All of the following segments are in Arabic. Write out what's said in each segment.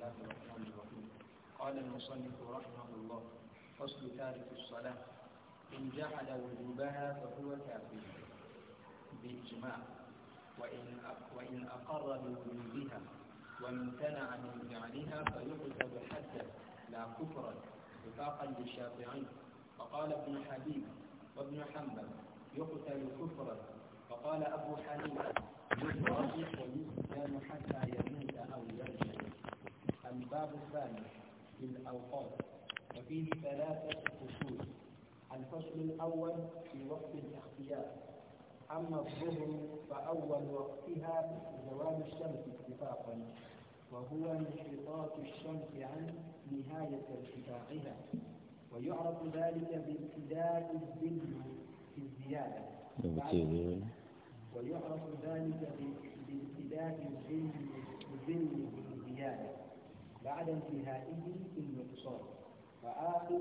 الله الرحمن الرحيم قال المصنف رحمه الله فصل تارك الصلاة إن جعل وجوبها فهو كافر بالإجماع وإن وإن أقر بوجوبها وامتنع من فعلها فيقتل حتى لا كفرا اتفاقا للشافعي فقال ابن حبيب وابن حنبل يقتل كفرا فقال أبو حنيفة يقتل ويسلم حتى يموت أو يرجع الباب الثاني في الأوقات وفيه ثلاثة فصول الفصل الأول في وقت الاختيار أما الظهر فأول وقتها زوال الشمس اتفاقا وهو انحطاط الشمس عن نهاية ارتفاعها ويعرف ذلك بابتداء الظل في الزيادة ويعرف ذلك بابتداء الظل في الزيادة بعد انتهائه في المقصود وآخر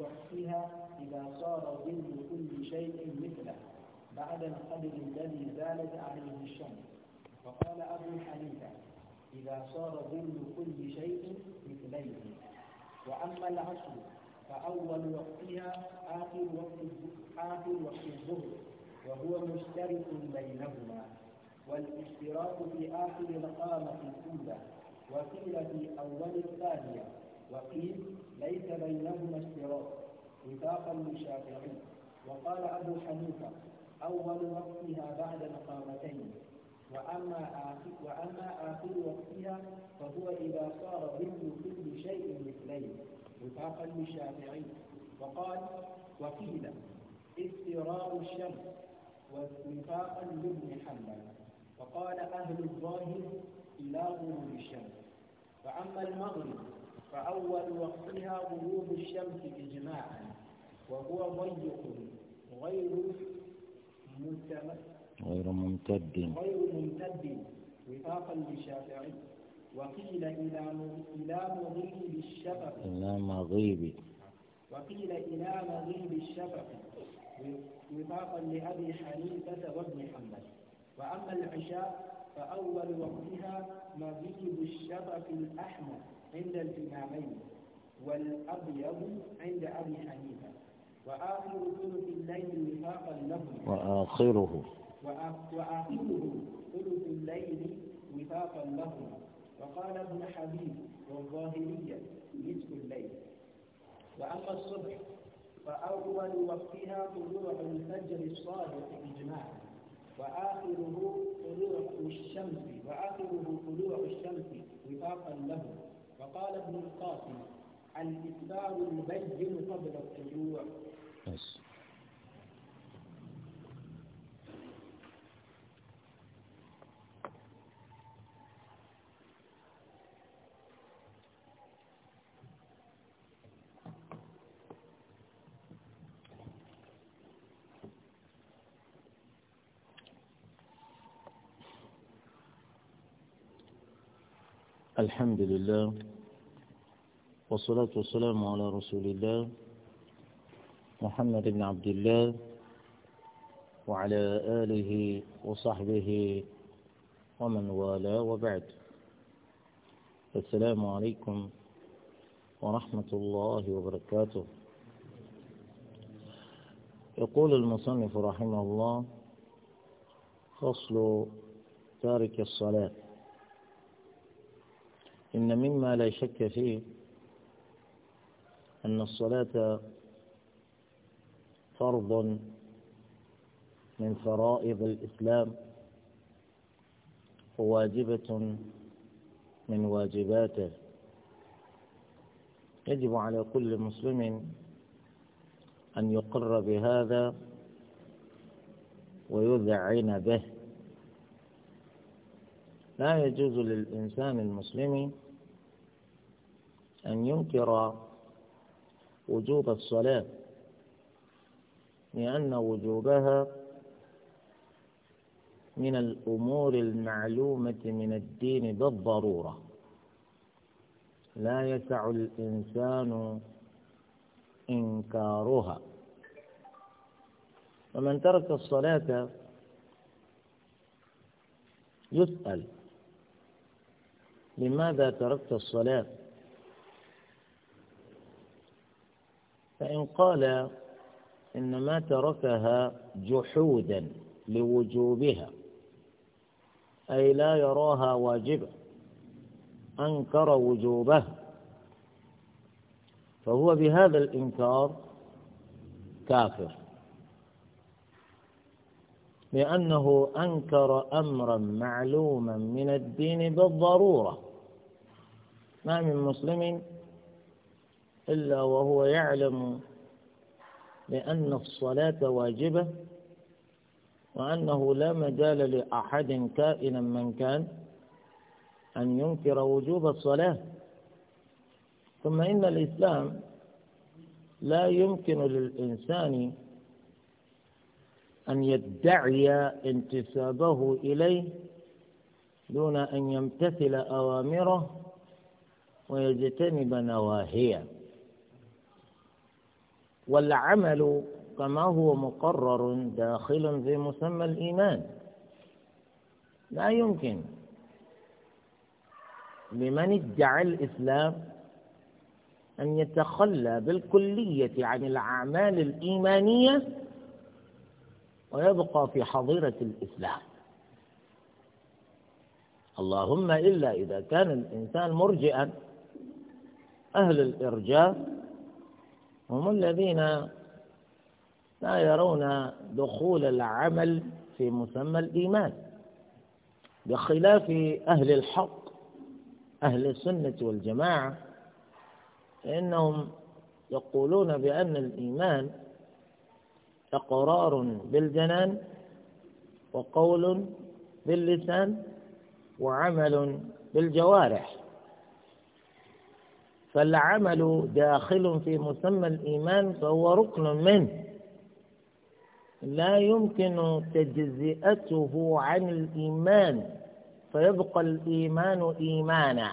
وقتها إذا صار ظل كل شيء مثله بعد القدر الذي زالت عليه الشمس وقال أبو حنيفة إذا صار ظل كل شيء مثليه وأما العصر فأول وقتها آخر وقت آخر وقت الظهر وهو مشترك بينهما والاشتراك في آخر القامة الأولى وقيل في أول الثانية وقيل ليس بينهما اشتراك وفاقا للشافعي وقال أبو حنيفة أول وقتها بعد مقامتين وأما آخر وأما آخر وقتها فهو إذا صار ظل كل شيء مثلين وفاقا للشافعي وقال وقيل استراء الشمس وفاقا لابن حنبل وقال أهل الظاهر إلى غروب الشمس فأما المغرب فأول وقتها غروب الشمس إجماعا وهو ضيق غير غير ممتد غير ممتد وفاقا للشافعي وقيل إلى إلى مغيب الشفق إلى مغيب وقيل إلى مغيب الشفق وفاقا لأبي حنيفة وابن حنبل وأما العشاء فأول وقتها مغيب الشبك الأحمر عند الإمامين والأبيض عند أبي حنيفة وآخر ثلث الليل وفاقا لهما وآخره وآخره ثلث الليل وفاقا لهما وقال ابن حبيب والظاهرية نصف الليل وأما الصبح فأول وقتها طلوع الفجر الصادق إجماعا وآخره طلوع الشمس وآخره طلوع الشمس وفاقا له وقال ابن القاسم الإسبار البين قبل الطلوع الحمد لله والصلاة والسلام على رسول الله محمد بن عبد الله وعلى آله وصحبه ومن والاه وبعد السلام عليكم ورحمة الله وبركاته يقول المصنف رحمه الله فصل تارك الصلاة إن مما لا شك فيه أن الصلاة فرض من فرائض الإسلام وواجبة من واجباته يجب على كل مسلم أن يقر بهذا ويذعن به لا يجوز للإنسان المسلم أن ينكر وجوب الصلاة لأن وجوبها من الأمور المعلومة من الدين بالضرورة لا يسع الإنسان إنكارها ومن ترك الصلاة يسأل لماذا تركت الصلاة فإن قال إنما تركها جحودا لوجوبها أي لا يراها واجبة أنكر وجوبها فهو بهذا الإنكار كافر لأنه أنكر أمرا معلوما من الدين بالضرورة ما من مسلم إلا وهو يعلم لأن الصلاة واجبة وأنه لا مجال لأحد كائنا من كان أن ينكر وجوب الصلاة ثم إن الإسلام لا يمكن للإنسان أن يدعي انتسابه إليه دون أن يمتثل أوامره ويجتنب نواهيه والعمل كما هو مقرر داخل في مسمى الإيمان لا يمكن لمن ادعى الإسلام أن يتخلى بالكلية عن الأعمال الإيمانية ويبقى في حظيرة الإسلام اللهم إلا إذا كان الإنسان مرجئا أهل الإرجاء هم الذين لا يرون دخول العمل في مسمى الإيمان بخلاف أهل الحق أهل السنة والجماعة فإنهم يقولون بأن الإيمان إقرار بالجنان وقول باللسان وعمل بالجوارح فالعمل داخل في مسمى الإيمان فهو ركن منه لا يمكن تجزئته عن الإيمان فيبقى الإيمان إيمانا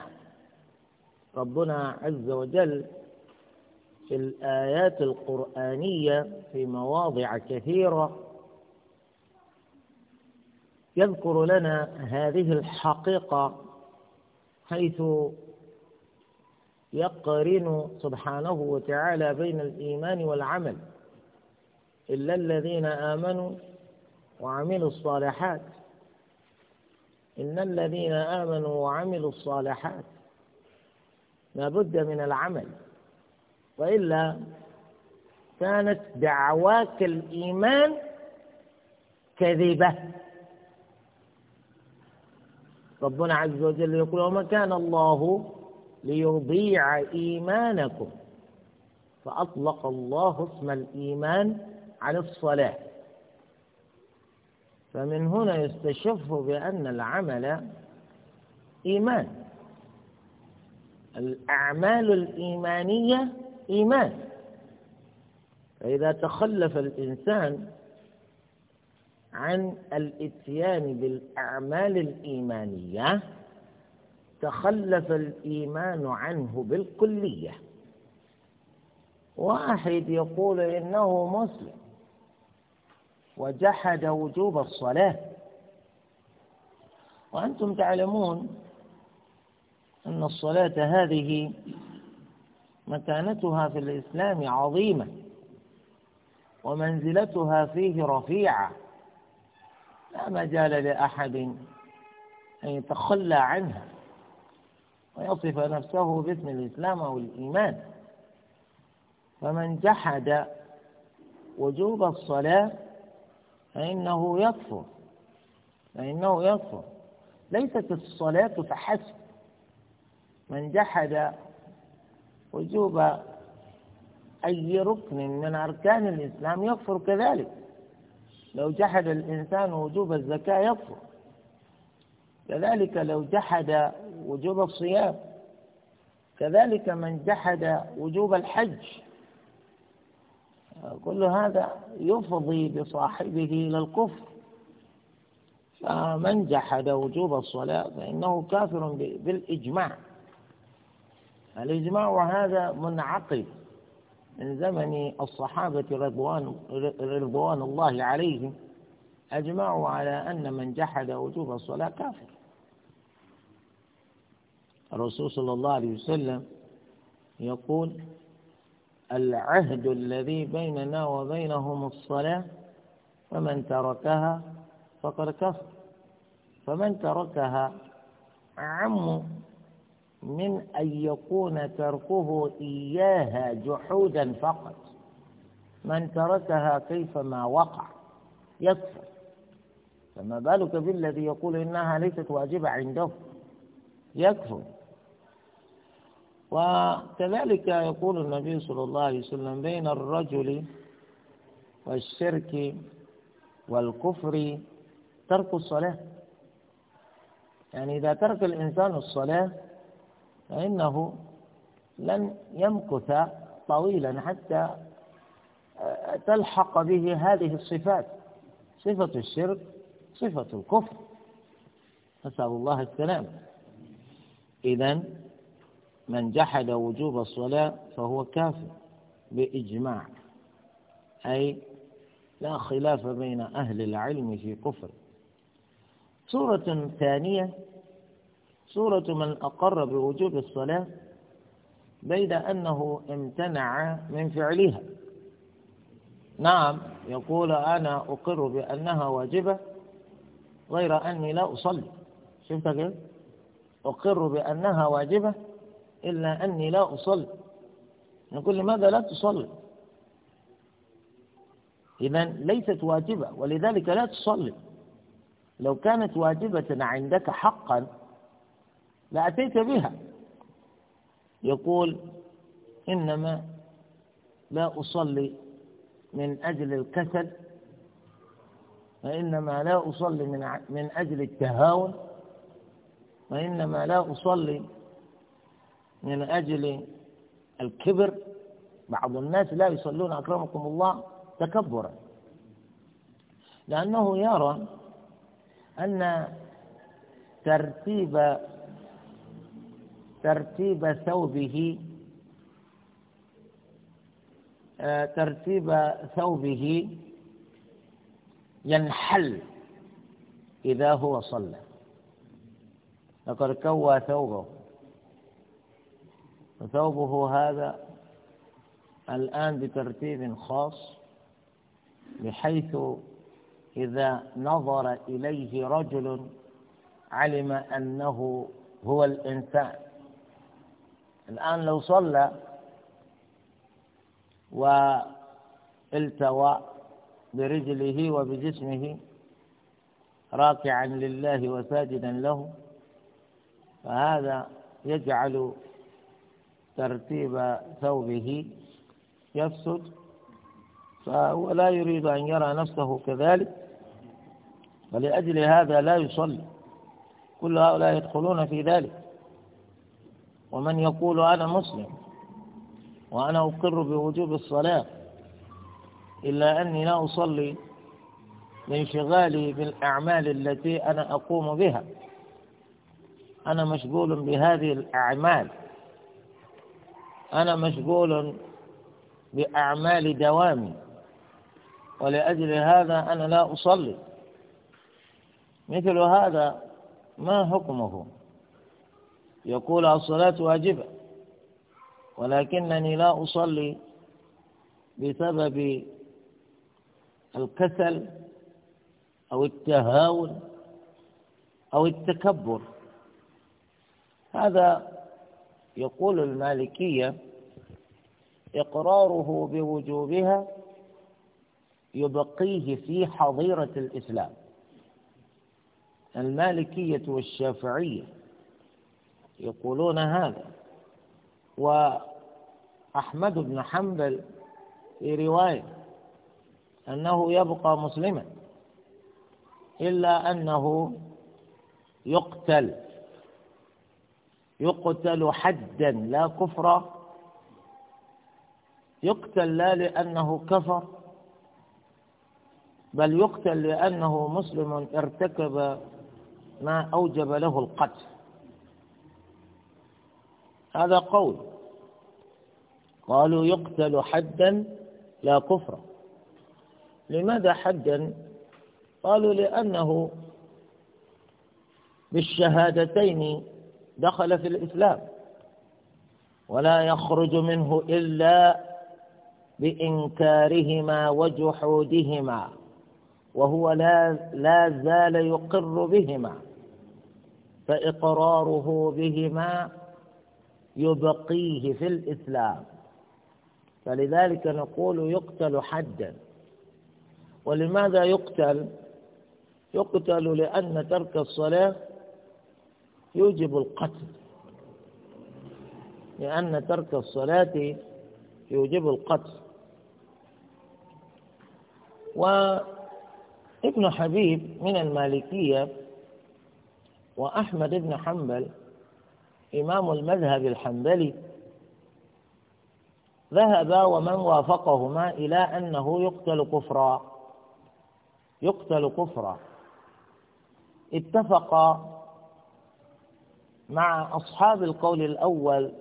ربنا عز وجل في الآيات القرآنية في مواضع كثيرة يذكر لنا هذه الحقيقة حيث يقرن سبحانه وتعالى بين الإيمان والعمل إلا الذين آمنوا وعملوا الصالحات إن الذين آمنوا وعملوا الصالحات ما بد من العمل وإلا كانت دعواك الإيمان كذبة ربنا عز وجل يقول وما كان الله ليضيع إيمانكم فأطلق الله اسم الإيمان على الصلاة فمن هنا يستشف بأن العمل إيمان الأعمال الإيمانية إيمان فإذا تخلف الإنسان عن الاتيان بالأعمال الإيمانية تخلف الإيمان عنه بالكلية واحد يقول إنه مسلم وجحد وجوب الصلاة وأنتم تعلمون أن الصلاة هذه مكانتها في الإسلام عظيمة ومنزلتها فيه رفيعة لا مجال لأحد أن يتخلى عنها ويصف نفسه باسم الإسلام أو الإيمان فمن جحد وجوب الصلاة فإنه يكفر فإنه يكفر ليست الصلاة فحسب من جحد وجوب أي ركن من أركان الإسلام يكفر كذلك لو جحد الإنسان وجوب الزكاة يكفر كذلك لو جحد وجوب الصيام كذلك من جحد وجوب الحج كل هذا يفضي بصاحبه إلى الكفر فمن جحد وجوب الصلاة فإنه كافر بالإجماع الإجماع هذا منعقد من زمن الصحابة رضوان, رضوان الله عليهم أجمعوا على أن من جحد وجوب الصلاة كافر الرسول صلى الله عليه وسلم يقول العهد الذي بيننا وبينهم الصلاة فمن تركها فقد كفر فمن تركها عم من أن يكون تركه إياها جحودا فقط من تركها كيفما وقع يكفر فما بالك بالذي يقول إنها ليست واجبة عنده يكفر وكذلك يقول النبي صلى الله عليه وسلم بين الرجل والشرك والكفر ترك الصلاة يعني إذا ترك الإنسان الصلاة فإنه لن يمكث طويلا حتى تلحق به هذه الصفات صفة الشرك صفة الكفر نسأل الله السلام إذا من جحد وجوب الصلاة فهو كافر بإجماع أي لا خلاف بين أهل العلم في كفر سورة ثانية سورة من أقر بوجوب الصلاة بيد أنه امتنع من فعلها نعم يقول أنا أقر بأنها واجبة غير أني لا أصلي شفت كيف أقر بأنها واجبة إلا أني لا أصلي نقول لماذا لا تصلي إذا ليست واجبة ولذلك لا تصلي لو كانت واجبة عندك حقا لأتيت بها يقول إنما لا أصلي من أجل الكسل وإنما لا أصلي من أجل التهاون وإنما لا أصلي من أجل الكبر بعض الناس لا يصلون أكرمكم الله تكبرا لأنه يرى أن ترتيب ترتيب ثوبه آه، ترتيب ثوبه ينحل إذا هو صلى لقد كوى ثوبه فثوبه هذا الآن بترتيب خاص بحيث إذا نظر إليه رجل علم أنه هو الإنسان الآن لو صلى والتوى برجله وبجسمه راكعا لله وساجدا له فهذا يجعل ترتيب ثوبه يفسد فهو لا يريد أن يرى نفسه كذلك ولأجل هذا لا يصلي كل هؤلاء يدخلون في ذلك ومن يقول أنا مسلم وأنا أقر بوجوب الصلاة إلا أني لا أصلي لانشغالي بالأعمال التي أنا أقوم بها أنا مشغول بهذه الأعمال أنا مشغول بأعمال دوامي ولأجل هذا أنا لا أصلي مثل هذا ما حكمه يقول الصلاة واجبة ولكنني لا أصلي بسبب الكسل أو التهاون أو التكبر هذا يقول المالكية إقراره بوجوبها يبقيه في حظيرة الإسلام المالكية والشافعية يقولون هذا وأحمد بن حنبل في رواية أنه يبقى مسلما إلا أنه يقتل يقتل حدا لا كفرا يقتل لا لأنه كفر بل يقتل لأنه مسلم ارتكب ما أوجب له القتل هذا قول قالوا يقتل حدا لا كفرا لماذا حدا قالوا لأنه بالشهادتين دخل في الإسلام ولا يخرج منه إلا بإنكارهما وجحودهما وهو لا, لا زال يقر بهما فإقراره بهما يبقيه في الإسلام فلذلك نقول يقتل حدا ولماذا يقتل؟ يقتل لأن ترك الصلاة يوجب القتل لأن ترك الصلاة يوجب القتل وابن حبيب من المالكية وأحمد بن حنبل إمام المذهب الحنبلي ذهبا ومن وافقهما إلى أنه يقتل كفرا يقتل كفرا اتفق مع أصحاب القول الأول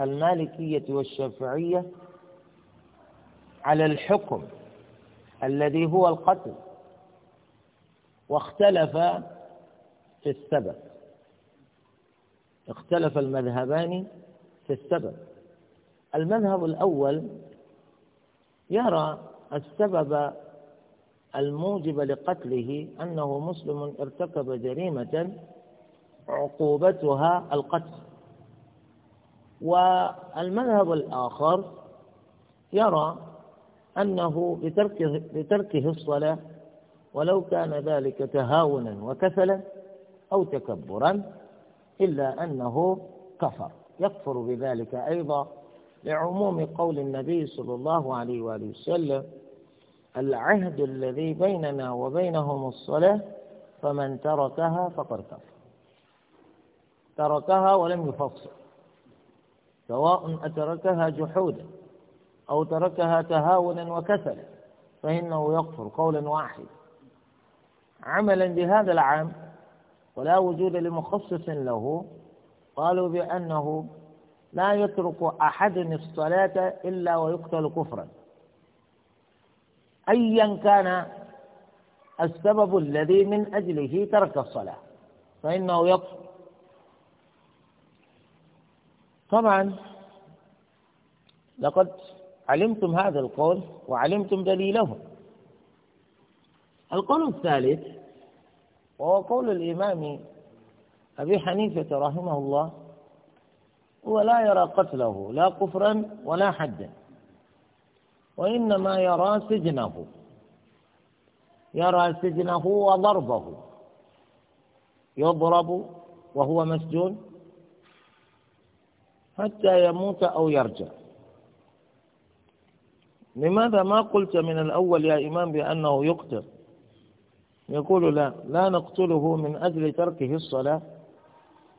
المالكية والشافعية على الحكم الذي هو القتل واختلف في السبب اختلف المذهبان في السبب المذهب الأول يرى السبب الموجب لقتله أنه مسلم ارتكب جريمة عقوبتها القتل والمذهب الآخر يرى أنه بتركه, بتركه الصلاة ولو كان ذلك تهاونا وكسلا أو تكبرا إلا أنه كفر يكفر بذلك أيضا لعموم قول النبي صلى الله عليه وآله وسلم العهد الذي بيننا وبينهم الصلاة فمن تركها فقد كفر تركها ولم يفصل سواء أتركها جحودا أو تركها تهاونا وكسلا فإنه يكفر قولا واحدا عملا بهذا العام ولا وجود لمخصص له قالوا بأنه لا يترك أحد الصلاة إلا ويقتل كفرا أيا كان السبب الذي من أجله ترك الصلاة فإنه يكفر طبعا لقد علمتم هذا القول وعلمتم دليله القول الثالث وهو قول الإمام أبي حنيفة رحمه الله هو لا يرى قتله لا كفرا ولا حدا وإنما يرى سجنه يرى سجنه وضربه يضرب وهو مسجون حتى يموت أو يرجع لماذا ما قلت من الأول يا إمام بأنه يقتل يقول لا لا نقتله من أجل تركه الصلاة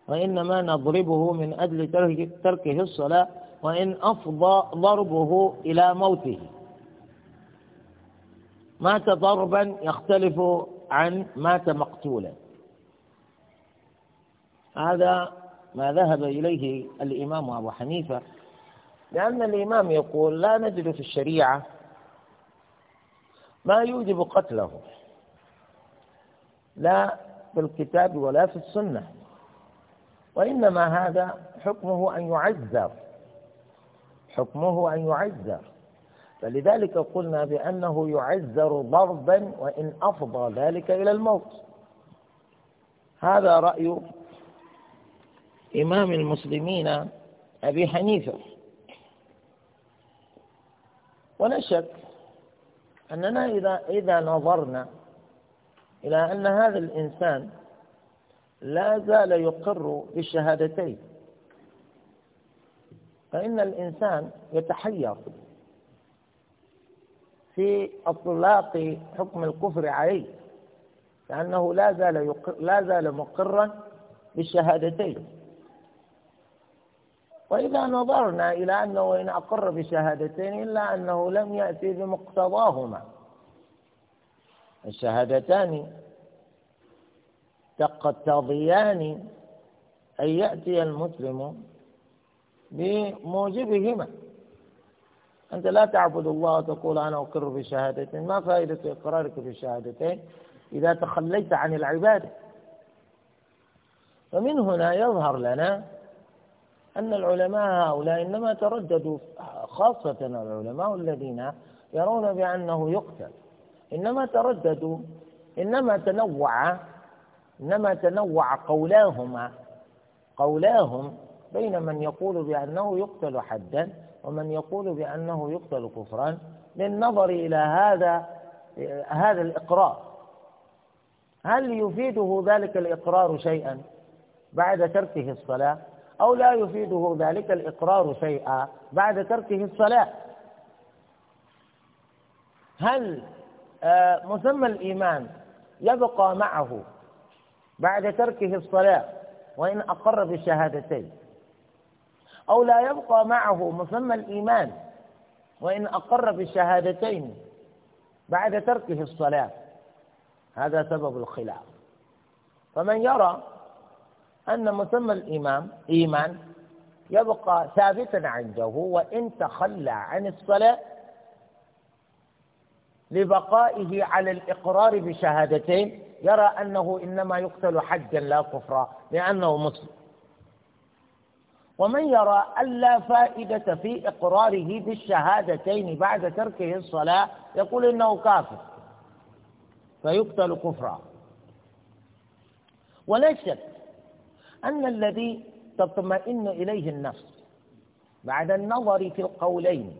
وإنما نضربه من أجل تركه الصلاة وإن أفضى ضربه إلى موته مات ضربا يختلف عن مات مقتولا هذا ما ذهب إليه الإمام أبو حنيفة لأن الإمام يقول لا نجد في الشريعة ما يوجب قتله لا في الكتاب ولا في السنة وإنما هذا حكمه أن يعذر حكمه أن يعذر فلذلك قلنا بأنه يعذر ضربا وإن أفضى ذلك إلى الموت هذا رأي إمام المسلمين أبي حنيفة ولا شك أننا إذا إذا نظرنا إلى أن هذا الإنسان لا زال يقر بالشهادتين فإن الإنسان يتحير في اطلاق حكم الكفر عليه لأنه لا زال يقر لا زال مقرا بالشهادتين وإذا نظرنا إلى أنه إن أقر بشهادتين إلا أنه لم يأتي بمقتضاهما الشهادتان تقتضيان أن يأتي المسلم بموجبهما أنت لا تعبد الله وتقول أنا أقر بشهادتين ما فائدة إقرارك بالشهادتين إذا تخليت عن العبادة فمن هنا يظهر لنا أن العلماء هؤلاء إنما ترددوا خاصة العلماء الذين يرون بأنه يقتل إنما ترددوا إنما تنوع إنما تنوع قولاهما قولاهم بين من يقول بأنه يقتل حدا ومن يقول بأنه يقتل كفرا للنظر إلى هذا هذا الإقرار هل يفيده ذلك الإقرار شيئا بعد تركه الصلاة أو لا يفيده ذلك الإقرار شيئا بعد تركه الصلاة هل آه، مسمى الإيمان يبقى معه بعد تركه الصلاة وإن أقر بالشهادتين أو لا يبقى معه مسمى الإيمان وإن أقر بالشهادتين بعد تركه الصلاة هذا سبب الخلاف فمن يرى أن مسمى الإمام إيمان يبقى ثابتا عنده وإن تخلى عن الصلاة لبقائه على الإقرار بشهادتين يرى أنه إنما يقتل حجا لا كفرا لأنه مسلم ومن يرى ألا فائدة في إقراره بالشهادتين بعد تركه الصلاة يقول إنه كافر فيقتل كفرا ولا شك أن الذي تطمئن إليه النفس بعد النظر في القولين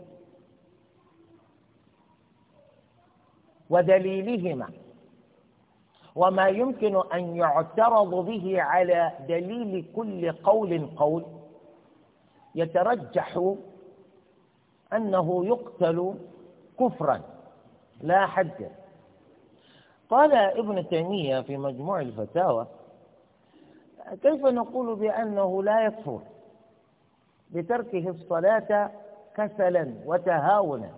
ودليلهما وما يمكن أن يعترض به على دليل كل قول قول يترجح أنه يقتل كفرا لا حد قال ابن تيمية في مجموع الفتاوى كيف نقول بأنه لا يكفر بتركه الصلاة كسلا وتهاونا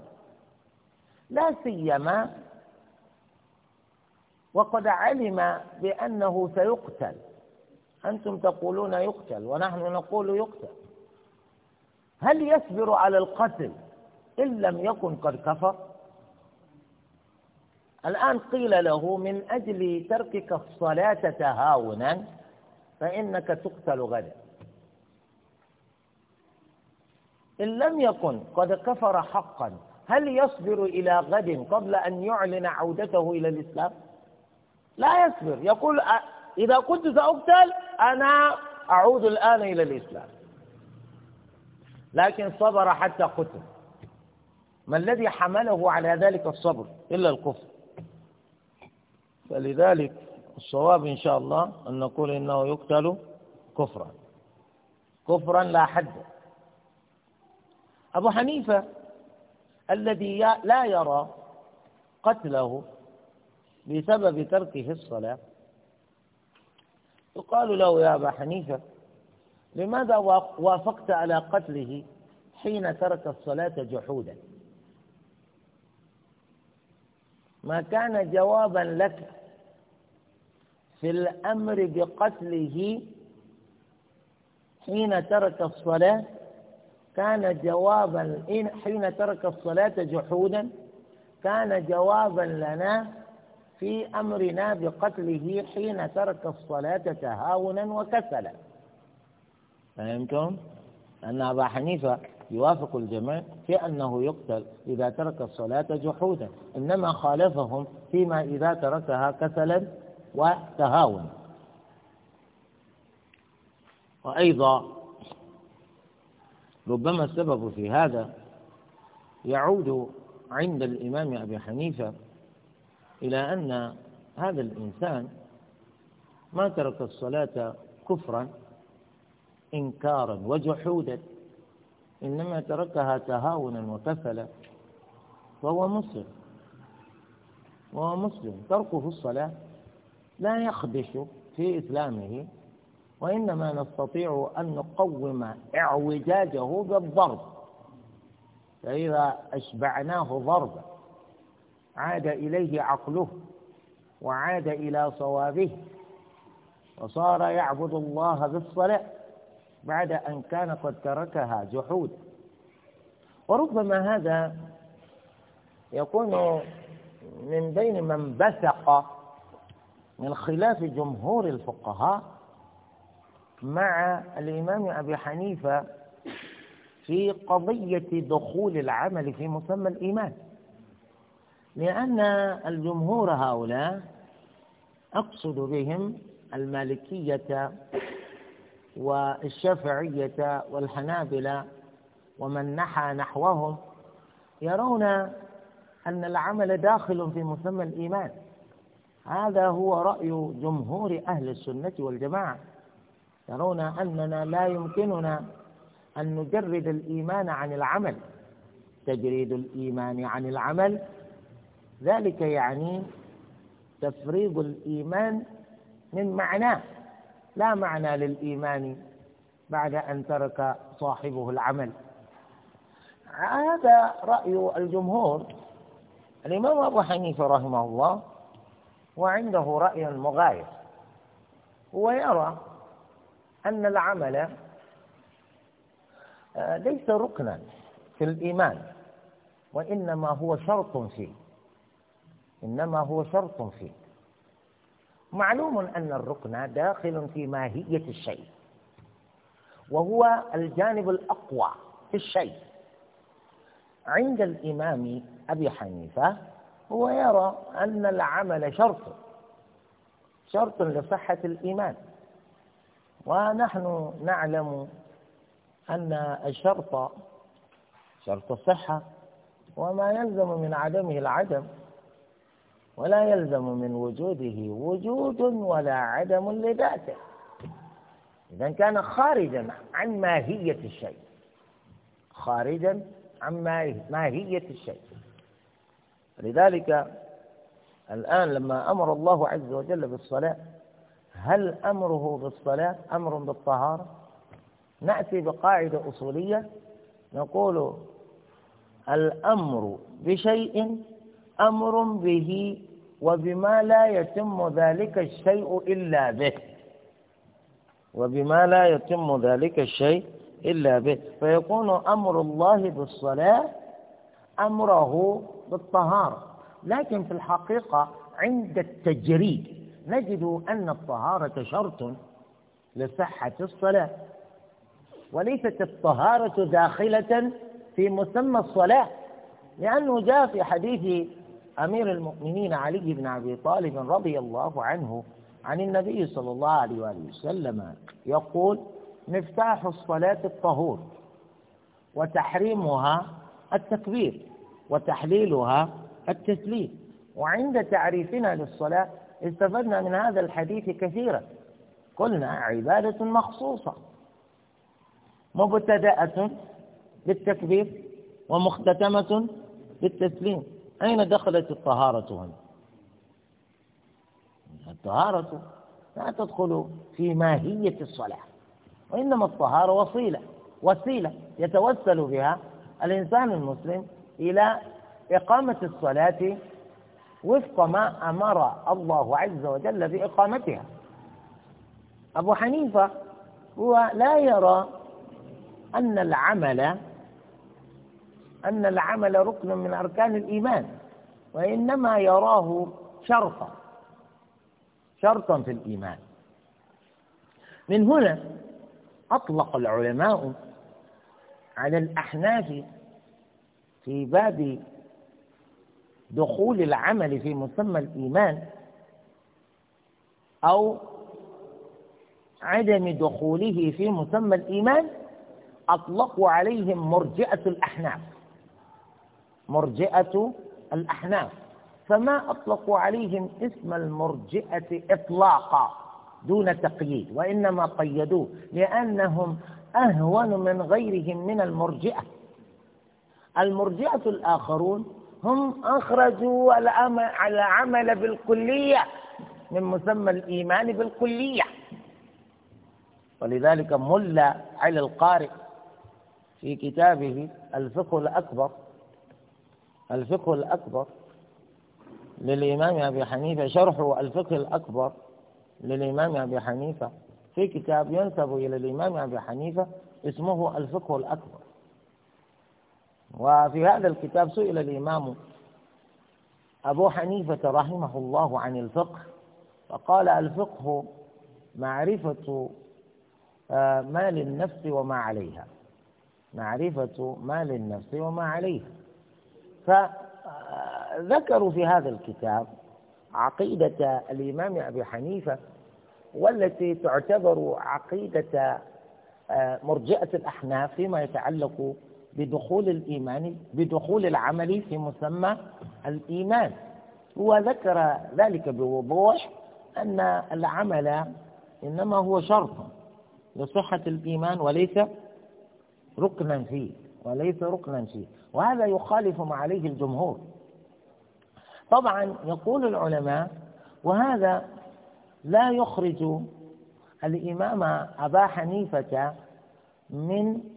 لا سيما وقد علم بأنه سيقتل أنتم تقولون يقتل ونحن نقول يقتل هل يصبر على القتل إن لم يكن قد كفر الآن قيل له من أجل تركك الصلاة تهاونا فإنك تقتل غدا إن لم يكن قد كفر حقا هل يصبر إلى غد قبل أن يعلن عودته إلى الإسلام لا يصبر يقول إذا كنت سأقتل أنا أعود الآن إلى الإسلام لكن صبر حتى قتل ما الذي حمله على ذلك الصبر إلا الكفر فلذلك الصواب إن شاء الله أن نقول إنه يقتل كفرا كفرا لا حد أبو حنيفة الذي لا يرى قتله بسبب تركه الصلاة يقال له يا أبا حنيفة لماذا وافقت على قتله حين ترك الصلاة جحودا ما كان جوابا لك في الأمر بقتله حين ترك الصلاة كان جوابا حين ترك الصلاة جحودا كان جوابا لنا في أمرنا بقتله حين ترك الصلاة تهاونا وكسلا فهمتم؟ أن أبا حنيفة يوافق الجميع في أنه يقتل إذا ترك الصلاة جحودا إنما خالفهم فيما إذا تركها كسلا وتهاون وأيضا ربما السبب في هذا يعود عند الإمام أبي حنيفة إلى أن هذا الإنسان ما ترك الصلاة كفرا إنكارا وجحودا إنما تركها تهاونا وكفلا وهو مسلم وهو مسلم تركه الصلاة لا يخدش في إسلامه وإنما نستطيع أن نقوم إعوجاجه بالضرب فإذا أشبعناه ضربا عاد إليه عقله وعاد إلى صوابه وصار يعبد الله بالصلاة بعد أن كان قد تركها جحودا وربما هذا يكون من بين من بثق من خلاف جمهور الفقهاء مع الإمام أبي حنيفة في قضية دخول العمل في مسمى الإيمان لأن الجمهور هؤلاء أقصد بهم المالكية والشافعية والحنابلة ومن نحى نحوهم يرون أن العمل داخل في مسمى الإيمان هذا هو رأي جمهور أهل السنة والجماعة يرون أننا لا يمكننا أن نجرد الإيمان عن العمل تجريد الإيمان عن العمل ذلك يعني تفريغ الإيمان من معناه لا معنى للإيمان بعد أن ترك صاحبه العمل هذا رأي الجمهور الإمام أبو حنيفة رحمه الله وعنده رأي مغاير ويرى أن العمل آه، ليس ركنا في الإيمان وإنما هو شرط فيه إنما هو شرط فيه معلوم أن الركن داخل في ماهية الشيء وهو الجانب الأقوى في الشيء عند الإمام أبي حنيفة هو يرى أن العمل شرط شرط لصحة الإيمان ونحن نعلم أن الشرط شرط الصحة وما يلزم من عدمه العدم ولا يلزم من وجوده وجود ولا عدم لذاته إذا كان خارجا عن ماهية الشيء خارجا عن ماهية الشيء لذلك الآن لما أمر الله عز وجل بالصلاة هل أمره بالصلاة أمر بالطهارة نأتي بقاعدة أصولية نقول الأمر بشيء أمر به وبما لا يتم ذلك الشيء إلا به وبما لا يتم ذلك الشيء إلا به فيكون أمر الله بالصلاة أمره بالطهارة لكن في الحقيقة عند التجريد نجد أن الطهارة شرط لصحة الصلاة وليست الطهارة داخلة في مسمى الصلاة لأنه جاء في حديث أمير المؤمنين علي بن أبي طالب رضي الله عنه عن النبي صلى الله عليه وآله وسلم يقول مفتاح الصلاة الطهور وتحريمها التكبير وتحليلها التسليم وعند تعريفنا للصلاة استفدنا من هذا الحديث كثيرا قلنا عبادة مخصوصة مبتدأة بالتكبير ومختتمة بالتسليم أين دخلت الطهارة هنا الطهارة لا تدخل في ماهية الصلاة وإنما الطهارة وسيلة وسيلة يتوسل بها الإنسان المسلم إلى إقامة الصلاة وفق ما أمر الله عز وجل بإقامتها أبو حنيفة هو لا يرى أن العمل أن العمل ركن من أركان الإيمان وإنما يراه شرطا شرطا في الإيمان من هنا أطلق العلماء على الأحناف في باب دخول العمل في مسمى الإيمان أو عدم دخوله في مسمى الإيمان أطلقوا عليهم مرجئة الأحناف مرجئة الأحناف فما أطلقوا عليهم اسم المرجئة إطلاقا دون تقييد وإنما قيدوه لأنهم أهون من غيرهم من المرجئة المرجئة الآخرون هم أخرجوا العمل بالكلية من مسمى الإيمان بالكلية ولذلك ملا على القارئ في كتابه الفقه الأكبر الفقه الأكبر للإمام أبي حنيفة شرح الفقه الأكبر للإمام أبي حنيفة في كتاب ينسب إلى الإمام أبي حنيفة اسمه الفقه الأكبر وفي هذا الكتاب سئل الإمام أبو حنيفة رحمه الله عن الفقه فقال الفقه معرفة آه، ما للنفس وما عليها معرفة ما للنفس وما عليها فذكروا في هذا الكتاب عقيدة الإمام أبي حنيفة والتي تعتبر عقيدة آه، مرجئة الأحناف فيما يتعلق بدخول الإيمان بدخول العمل في مسمى الإيمان وذكر ذلك بوضوح أن العمل إنما هو شرط لصحة الإيمان وليس ركنا فيه وليس ركنا فيه وهذا يخالف ما عليه الجمهور طبعا يقول العلماء وهذا لا يخرج الإمام أبا حنيفة من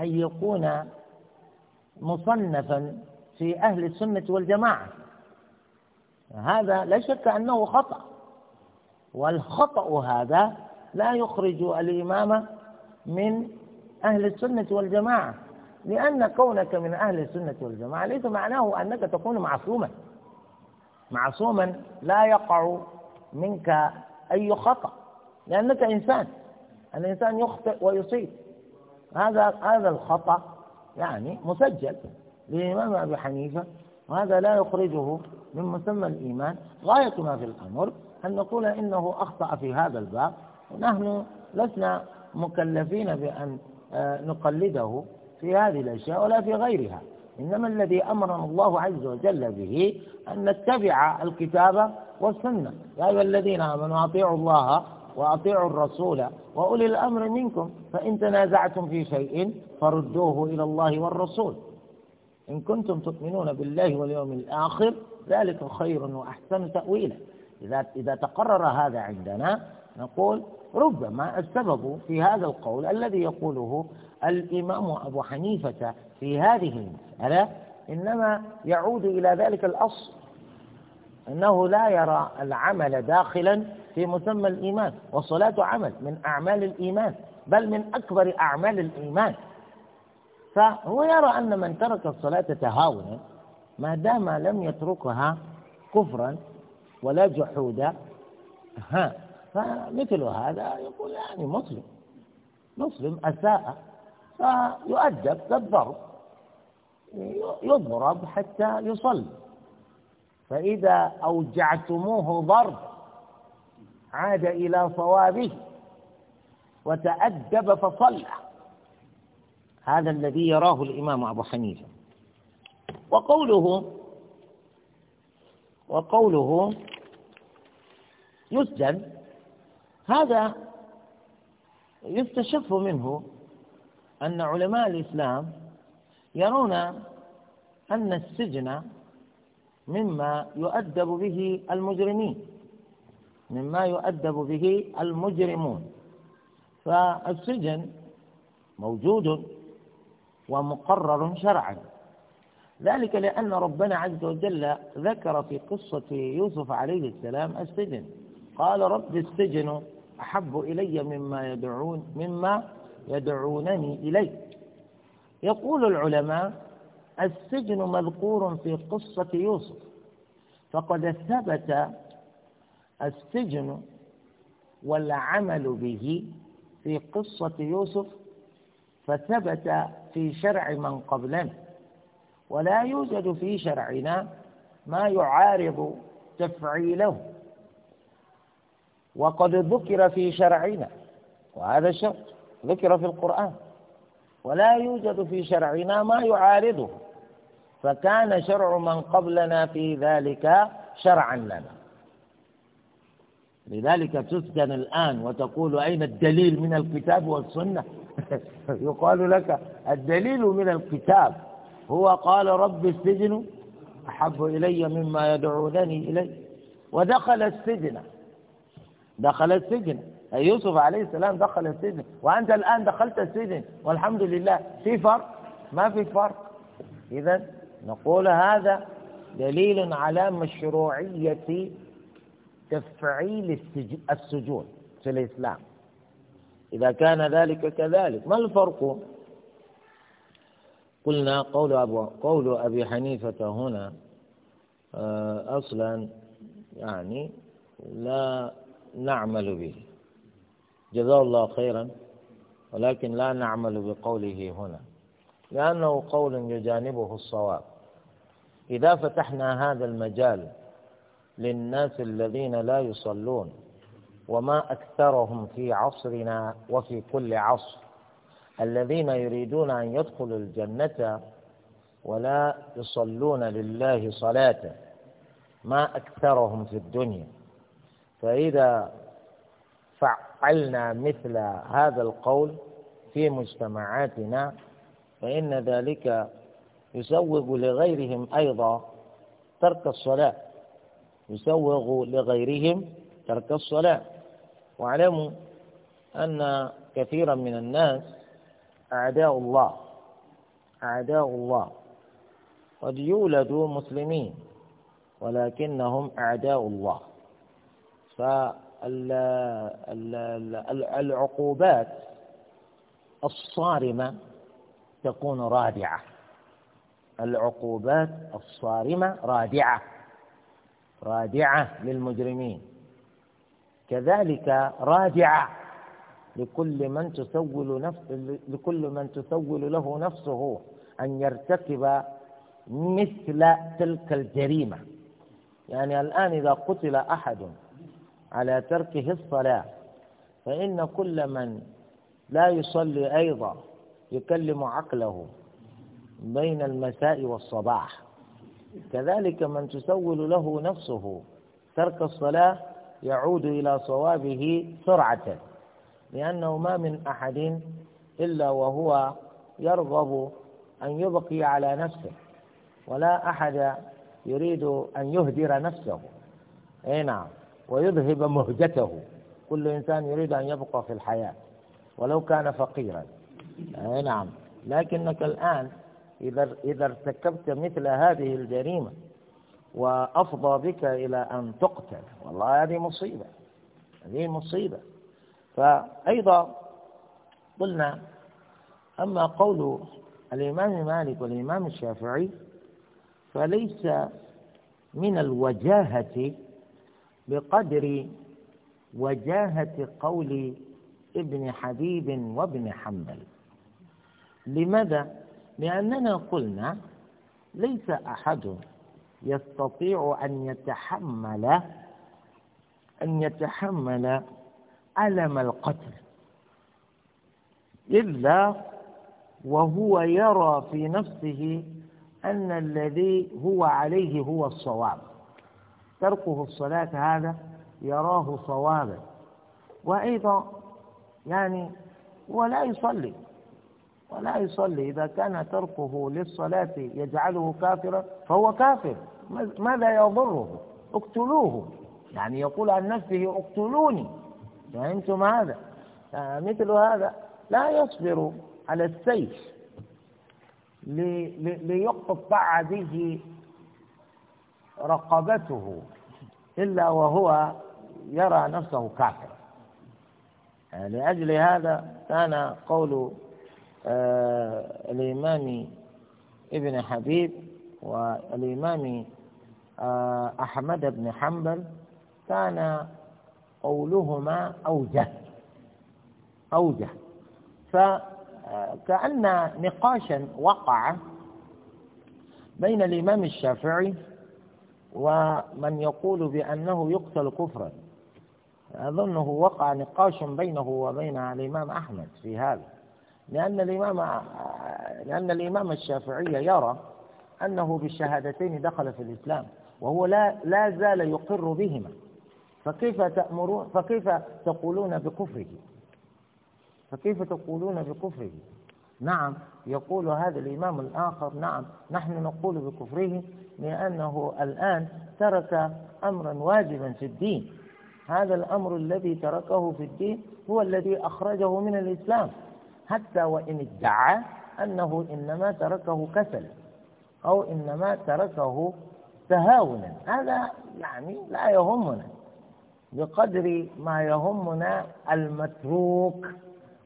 أن يكون مصنفا في أهل السنة والجماعة هذا لا شك أنه خطأ والخطأ هذا لا يخرج الإمام من أهل السنة والجماعة لأن كونك من أهل السنة والجماعة ليس معناه أنك تكون معصوما معصوما لا يقع منك أي خطأ لأنك إنسان الإنسان يخطئ ويصيب هذا هذا الخطأ يعني مسجل لإمام أبي حنيفة وهذا لا يخرجه من مسمى الإيمان غاية ما في الأمر أن نقول إنه أخطأ في هذا الباب ونحن لسنا مكلفين بأن آه، نقلده في هذه الأشياء ولا في غيرها إنما الذي أمرنا الله عز وجل به أن نتبع الكتاب والسنة يا أيها الذين آمنوا أطيعوا الله وأطيعوا الرسول وأولي الأمر منكم فإن تنازعتم في شيء فردوه إلى الله والرسول إن كنتم تؤمنون بالله واليوم الآخر ذلك خير وأحسن تأويلا إذا إذا تقرر هذا عندنا نقول ربما السبب في هذا القول الذي يقوله الإمام أبو حنيفة في هذه المسألة إنما يعود إلى ذلك الأصل أنه لا يرى العمل داخلا في مسمى الإيمان والصلاة عمل من أعمال الإيمان بل من أكبر أعمال الإيمان فهو يرى أن من ترك الصلاة تهاونا ما دام لم يتركها كفرا ولا جحودا ها فمثل هذا يقول يعني مسلم مسلم أساء فيؤدب كالضرب يضرب حتى يصلي فإذا أوجعتموه ضرب عاد إلى صوابه وتأدب فصلى هذا الذي يراه الإمام أبو حنيفة وقوله وقوله يسجن هذا يستشف منه أن علماء الإسلام يرون أن السجن مما يؤدب به المجرمين مما يؤدب به المجرمون فالسجن موجود ومقرر شرعا ذلك لأن ربنا عز وجل ذكر في قصة يوسف عليه السلام السجن قال رب السجن أحب إلي مما يدعون مما يدعونني إليه يقول العلماء السجن مذكور في قصة يوسف فقد ثبت السجن والعمل به في قصة يوسف فثبت في شرع من قبلنا ولا يوجد في شرعنا ما يعارض تفعيله وقد ذكر في شرعنا وهذا الشرع ذكر في القرآن ولا يوجد في شرعنا ما يعارضه فكان شرع من قبلنا في ذلك شرعا لنا لذلك تسكن الآن وتقول أين الدليل من الكتاب والسنة يقال لك الدليل من الكتاب هو قال رب السجن أحب إلي مما يدعونني إليه ودخل السجن دخل السجن أي يوسف عليه السلام دخل السجن وأنت الآن دخلت السجن والحمد لله في فرق ما في فرق إذا نقول هذا دليل على مشروعية تفعيل السجود في الإسلام إذا كان ذلك كذلك ما الفرق قلنا قول أبو قول أبي حنيفة هنا آه، أصلا يعني لا نعمل به جزاه الله خيرا ولكن لا نعمل بقوله هنا لأنه قول يجانبه الصواب إذا فتحنا هذا المجال للناس الذين لا يصلون وما أكثرهم في عصرنا وفي كل عصر الذين يريدون أن يدخلوا الجنة ولا يصلون لله صلاة ما أكثرهم في الدنيا فإذا فعلنا مثل هذا القول في مجتمعاتنا فإن ذلك يسوغ لغيرهم أيضا ترك الصلاة يسوغ لغيرهم ترك الصلاة واعلموا أن كثيرا من الناس أعداء الله أعداء الله قد يولدوا مسلمين ولكنهم أعداء الله فالعقوبات الصارمة تكون رادعة العقوبات الصارمة رادعة رادعة للمجرمين كذلك رادعة لكل من تسول نفس لكل من تسول له نفسه أن يرتكب مثل تلك الجريمة يعني الآن إذا قتل أحد على تركه الصلاة فإن كل من لا يصلي أيضا يكلم عقله بين المساء والصباح كذلك من تسول له نفسه ترك الصلاة يعود إلى صوابه سرعة لأنه ما من أحد إلا وهو يرغب أن يبقي على نفسه ولا أحد يريد أن يهدر نفسه أي نعم ويذهب مهجته كل إنسان يريد أن يبقى في الحياة ولو كان فقيرا أي نعم لكنك الآن إذا إذا ارتكبت مثل هذه الجريمة وأفضى بك إلى أن تقتل والله هذه مصيبة هذه مصيبة فأيضا قلنا أما قول الإمام مالك والإمام الشافعي فليس من الوجاهة بقدر وجاهة قول ابن حبيب وابن حنبل لماذا؟ لأننا قلنا ليس أحد يستطيع أن يتحمل أن يتحمل ألم القتل إلا وهو يرى في نفسه أن الذي هو عليه هو الصواب تركه الصلاة هذا يراه صوابا وأيضا يعني هو لا يصلي ولا يصلي إذا كان تركه للصلاة يجعله كافرا فهو كافر ماذا يضره اقتلوه يعني يقول عن نفسه اقتلوني فهمتم هذا آه، مثل هذا لا يصبر على السيف ليقطع به رقبته إلا وهو يرى نفسه كافرا آه، لأجل هذا كان قول آه، الإمام ابن حبيب والإمام آه، أحمد بن حنبل كان قولهما أوجه أوجه فكأن نقاشا وقع بين الإمام الشافعي ومن يقول بأنه يقتل كفرا أظنه وقع نقاش بينه وبين الإمام أحمد في هذا لأن الإمام لأن الإمام الشافعي يرى أنه بالشهادتين دخل في الإسلام وهو لا لا زال يقر بهما فكيف تأمرون فكيف تقولون بكفره فكيف تقولون بكفره نعم يقول هذا الإمام الآخر نعم نحن نقول بكفره لأنه الآن ترك أمرا واجبا في الدين هذا الأمر الذي تركه في الدين هو الذي أخرجه من الإسلام حتى وإن ادعى أنه إنما تركه كسل أو إنما تركه تهاونا هذا يعني لا يهمنا بقدر ما يهمنا المتروك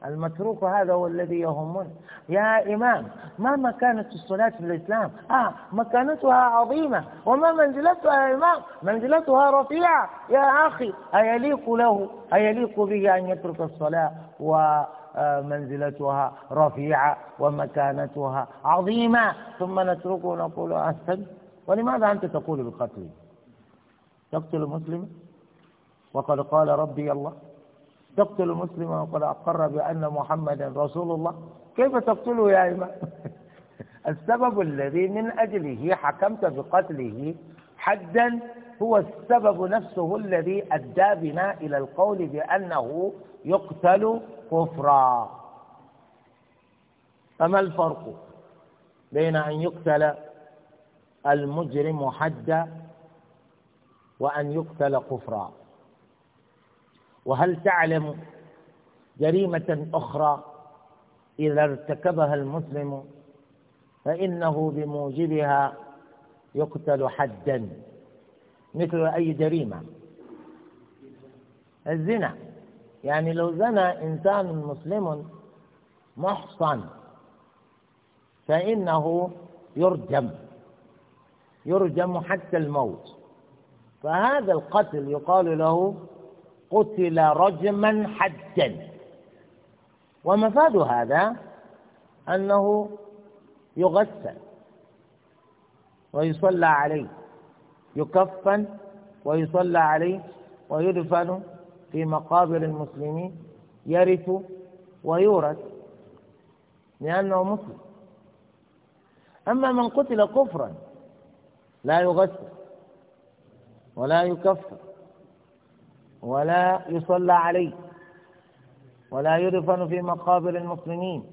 المتروك هذا هو الذي يهمنا يا إمام ما مكانة الصلاة في الإسلام آه مكانتها عظيمة وما منزلتها يا إمام منزلتها رفيعة يا أخي أيليق له أيليق به أن يترك الصلاة و منزلتها رفيعة ومكانتها عظيمة ثم نتركه ونقول أحسن ولماذا أنت تقول بالقتل تقتل مسلما وقد قال ربي الله تقتل مسلما وقد أقر بأن محمدا رسول الله كيف تقتله يا إمام السبب الذي من أجله حكمت بقتله حدا هو السبب نفسه الذي أدى بنا إلى القول بأنه يقتل كفرا فما الفرق بين أن يقتل المجرم حدا وأن يقتل كفرا وهل تعلم جريمة أخرى إذا ارتكبها المسلم فإنه بموجبها يقتل حدا مثل أي جريمة الزنا يعني لو زنى إنسان مسلم محصن فإنه يرجم يرجم حتى الموت فهذا القتل يقال له قتل رجما حدا ومفاد هذا أنه يغسل ويصلى عليه يكفن ويصلى عليه ويدفن في مقابر المسلمين يرث ويورث لأنه مسلم أما من قتل كفرا لا يغسل ولا يكفر ولا يصلى عليه ولا يدفن في مقابر المسلمين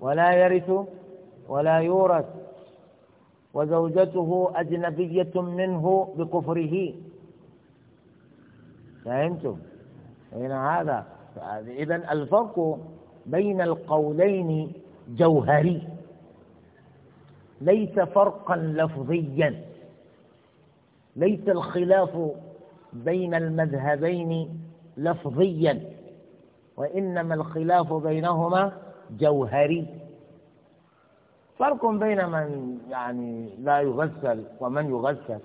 ولا يرث ولا يورث وزوجته أجنبية منه بكفره فهمتم؟ هنا هذا إذا الفرق بين القولين جوهري ليس فرقا لفظيا ليس الخلاف بين المذهبين لفظيا وإنما الخلاف بينهما جوهري فرق بين من يعني لا يغسل ومن يغسل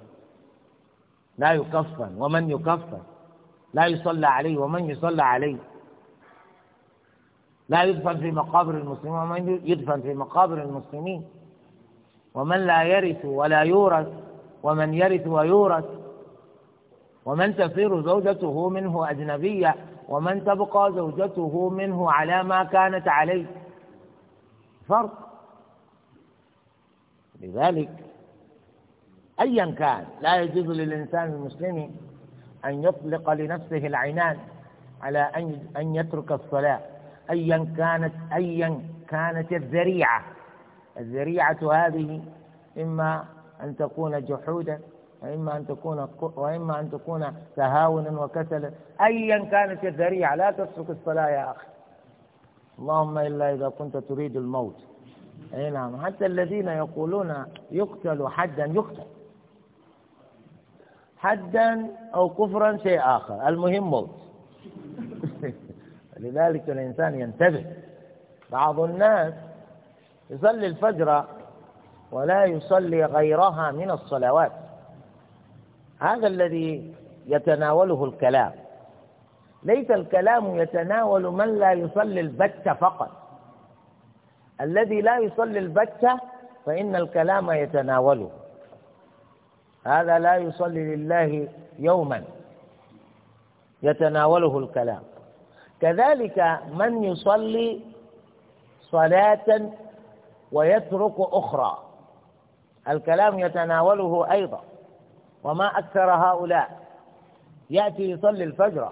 لا يكفن ومن يكفن لا يصلى عليه ومن يصلى عليه لا يدفن في مقابر المسلمين ومن يدفن في مقابر المسلمين ومن لا يرث ولا يورث ومن يرث ويورث ومن تصير زوجته منه أجنبية ومن تبقى زوجته منه على ما كانت عليه فرق لذلك أيا كان لا يجوز للإنسان المسلم أن يطلق لنفسه العينان على أن أن يترك الصلاة أيا كانت أيا كانت الذريعة الذريعة هذه إما أن تكون جحودا وإما أن تكون وإما أن تكون تهاونا وكسلا أيا كانت الذريعة لا تترك الصلاة يا أخي اللهم إلا إذا كنت تريد الموت أي نعم حتى الذين يقولون يقتل حدا يقتل حدا أو كفرا شيء آخر المهم موت لذلك الإنسان ينتبه بعض الناس يصلي الفجر ولا يصلي غيرها من الصلوات هذا الذي يتناوله الكلام ليس الكلام يتناول من لا يصلي البت فقط الذي لا يصلي البتة فإن الكلام يتناوله هذا لا يصلي لله يوما يتناوله الكلام كذلك من يصلي صلاة ويترك أخرى الكلام يتناوله أيضا وما أكثر هؤلاء يأتي يصلي الفجر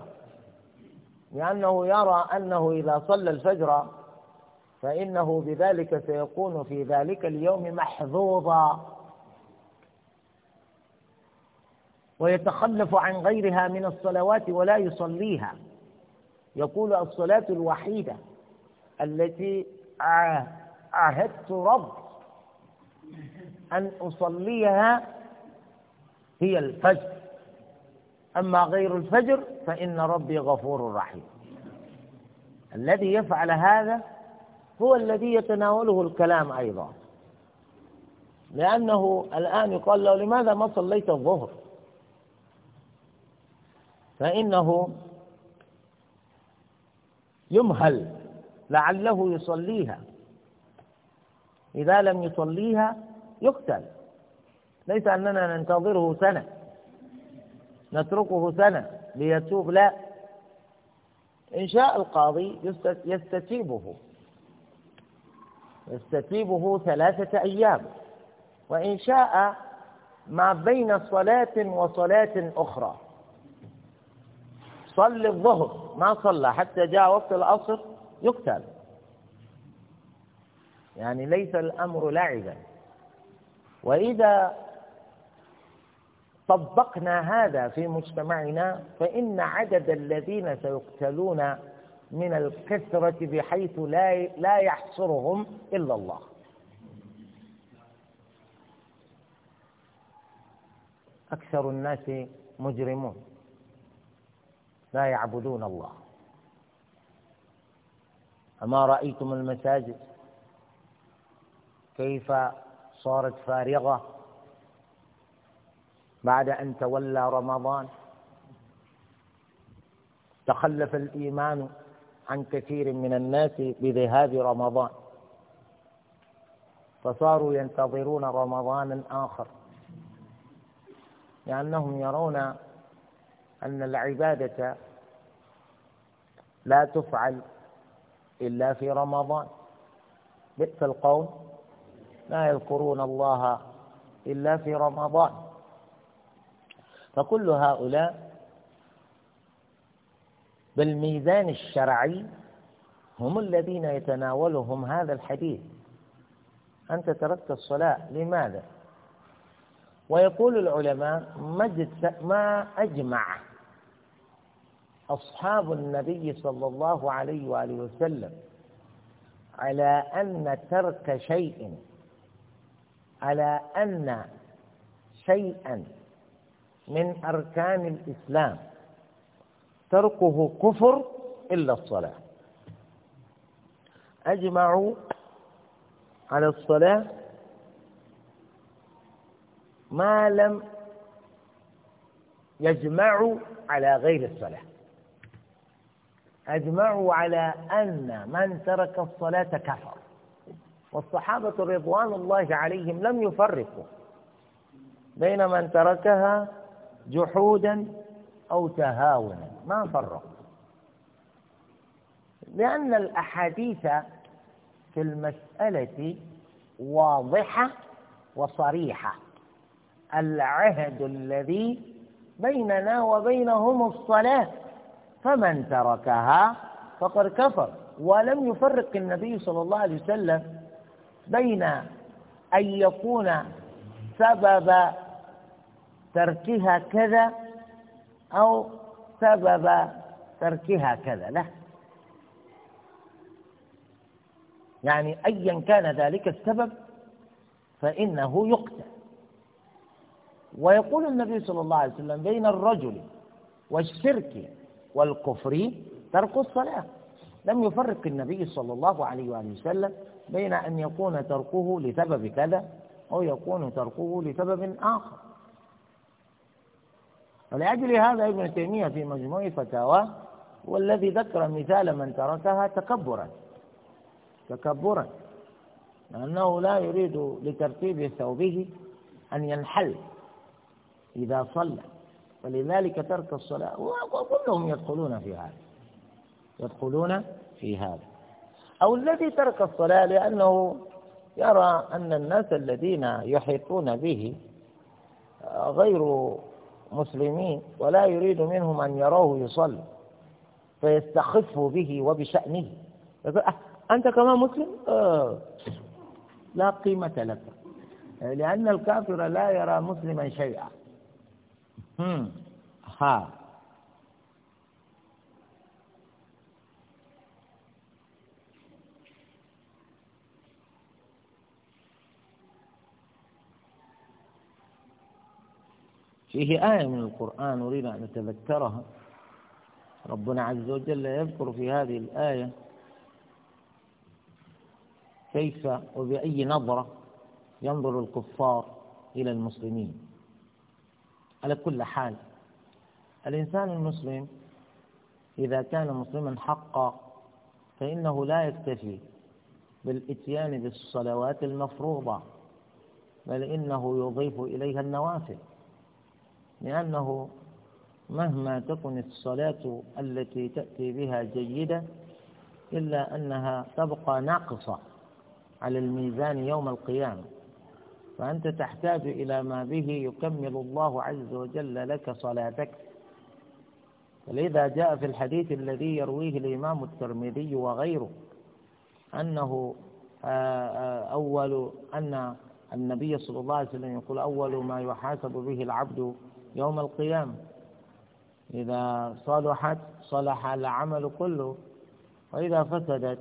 لأنه يرى أنه إذا صلى الفجر فإنه بذلك سيكون في ذلك اليوم محظوظا ويتخلف عن غيرها من الصلوات ولا يصليها يقول الصلاة الوحيدة التي عهدت رب أن أصليها هي الفجر أما غير الفجر فإن ربي غفور رحيم الذي يفعل هذا هو الذي يتناوله الكلام أيضا لأنه الآن يقال له لماذا ما صليت الظهر فإنه يمهل لعله يصليها إذا لم يصليها يقتل ليس أننا ننتظره سنة نتركه سنة ليتوب لا إن شاء القاضي يستتيبه يستتيبه ثلاثة أيام وإن شاء ما بين صلاة وصلاة أخرى صل الظهر ما صلى حتى جاء وقت العصر يقتل يعني ليس الأمر لعبا وإذا طبقنا هذا في مجتمعنا فإن عدد الذين سيقتلون من الكثرة بحيث لا لا يحصرهم إلا الله أكثر الناس مجرمون لا يعبدون الله أما رأيتم المساجد كيف صارت فارغة بعد أن تولى رمضان تخلف الإيمان عن كثير من الناس بذهاب رمضان فصاروا ينتظرون رمضانا آخر لأنهم يرون أن العبادة لا تفعل إلا في رمضان بئس القوم لا يذكرون الله إلا في رمضان فكل هؤلاء بالميزان الشرعي هم الذين يتناولهم هذا الحديث أنت تركت الصلاة لماذا؟ ويقول العلماء ما أجمع أصحاب النبي صلى الله عليه وآله وسلم على أن ترك شيء على أن شيئا من أركان الإسلام تركه كفر إلا الصلاة أجمعوا على الصلاة ما لم يجمعوا على غير الصلاة أجمعوا على أن من ترك الصلاة كفر والصحابة رضوان الله عليهم لم يفرقوا بين من تركها جحودا أو تهاونا ما فرق لأن الأحاديث في المسألة واضحة وصريحة العهد الذي بيننا وبينهم الصلاة فمن تركها فقد كفر ولم يفرق النبي صلى الله عليه وسلم بين أن يكون سبب تركها كذا أو سبب تركها كذا لا يعني أيا كان ذلك السبب فإنه يقتل ويقول النبي صلى الله عليه وسلم بين الرجل والشرك والكفر ترك الصلاة لم يفرق النبي صلى الله عليه وآله وسلم بين أن يكون تركه لسبب كذا أو يكون تركه لسبب آخر ولأجل هذا ابن تيمية في مجموع فتاواه والذي ذكر مثال من تركها تكبرا تكبرا لأنه لا يريد لترتيب ثوبه أن ينحل إذا صلى ولذلك ترك الصلاة وكلهم يدخلون في هذا يدخلون في هذا أو الذي ترك الصلاة لأنه يرى أن الناس الذين يحيطون به غير مسلمين ولا يريد منهم أن يروه يصلي فيستخف به وبشأنه يقول أه أنت كمان مسلم؟ آه لا قيمة لك لأن الكافر لا يرى مسلما شيئا ها فيه آية من القرآن أريد أن أتذكرها ربنا عز وجل يذكر في هذه الآية كيف وبأي نظرة ينظر الكفار إلى المسلمين على كل حال الإنسان المسلم إذا كان مسلما حقا فإنه لا يكتفي بالإتيان بالصلوات المفروضة بل إنه يضيف إليها النوافل لأنه مهما تكن الصلاة التي تأتي بها جيدة إلا أنها تبقى ناقصة على الميزان يوم القيامة فأنت تحتاج إلى ما به يكمل الله عز وجل لك صلاتك ولذا جاء في الحديث الذي يرويه الإمام الترمذي وغيره أنه آه، آه، أول أن النبي صلى الله عليه وسلم يقول أول ما يحاسب به العبد يوم القيامة إذا صلحت صلح العمل كله وإذا فسدت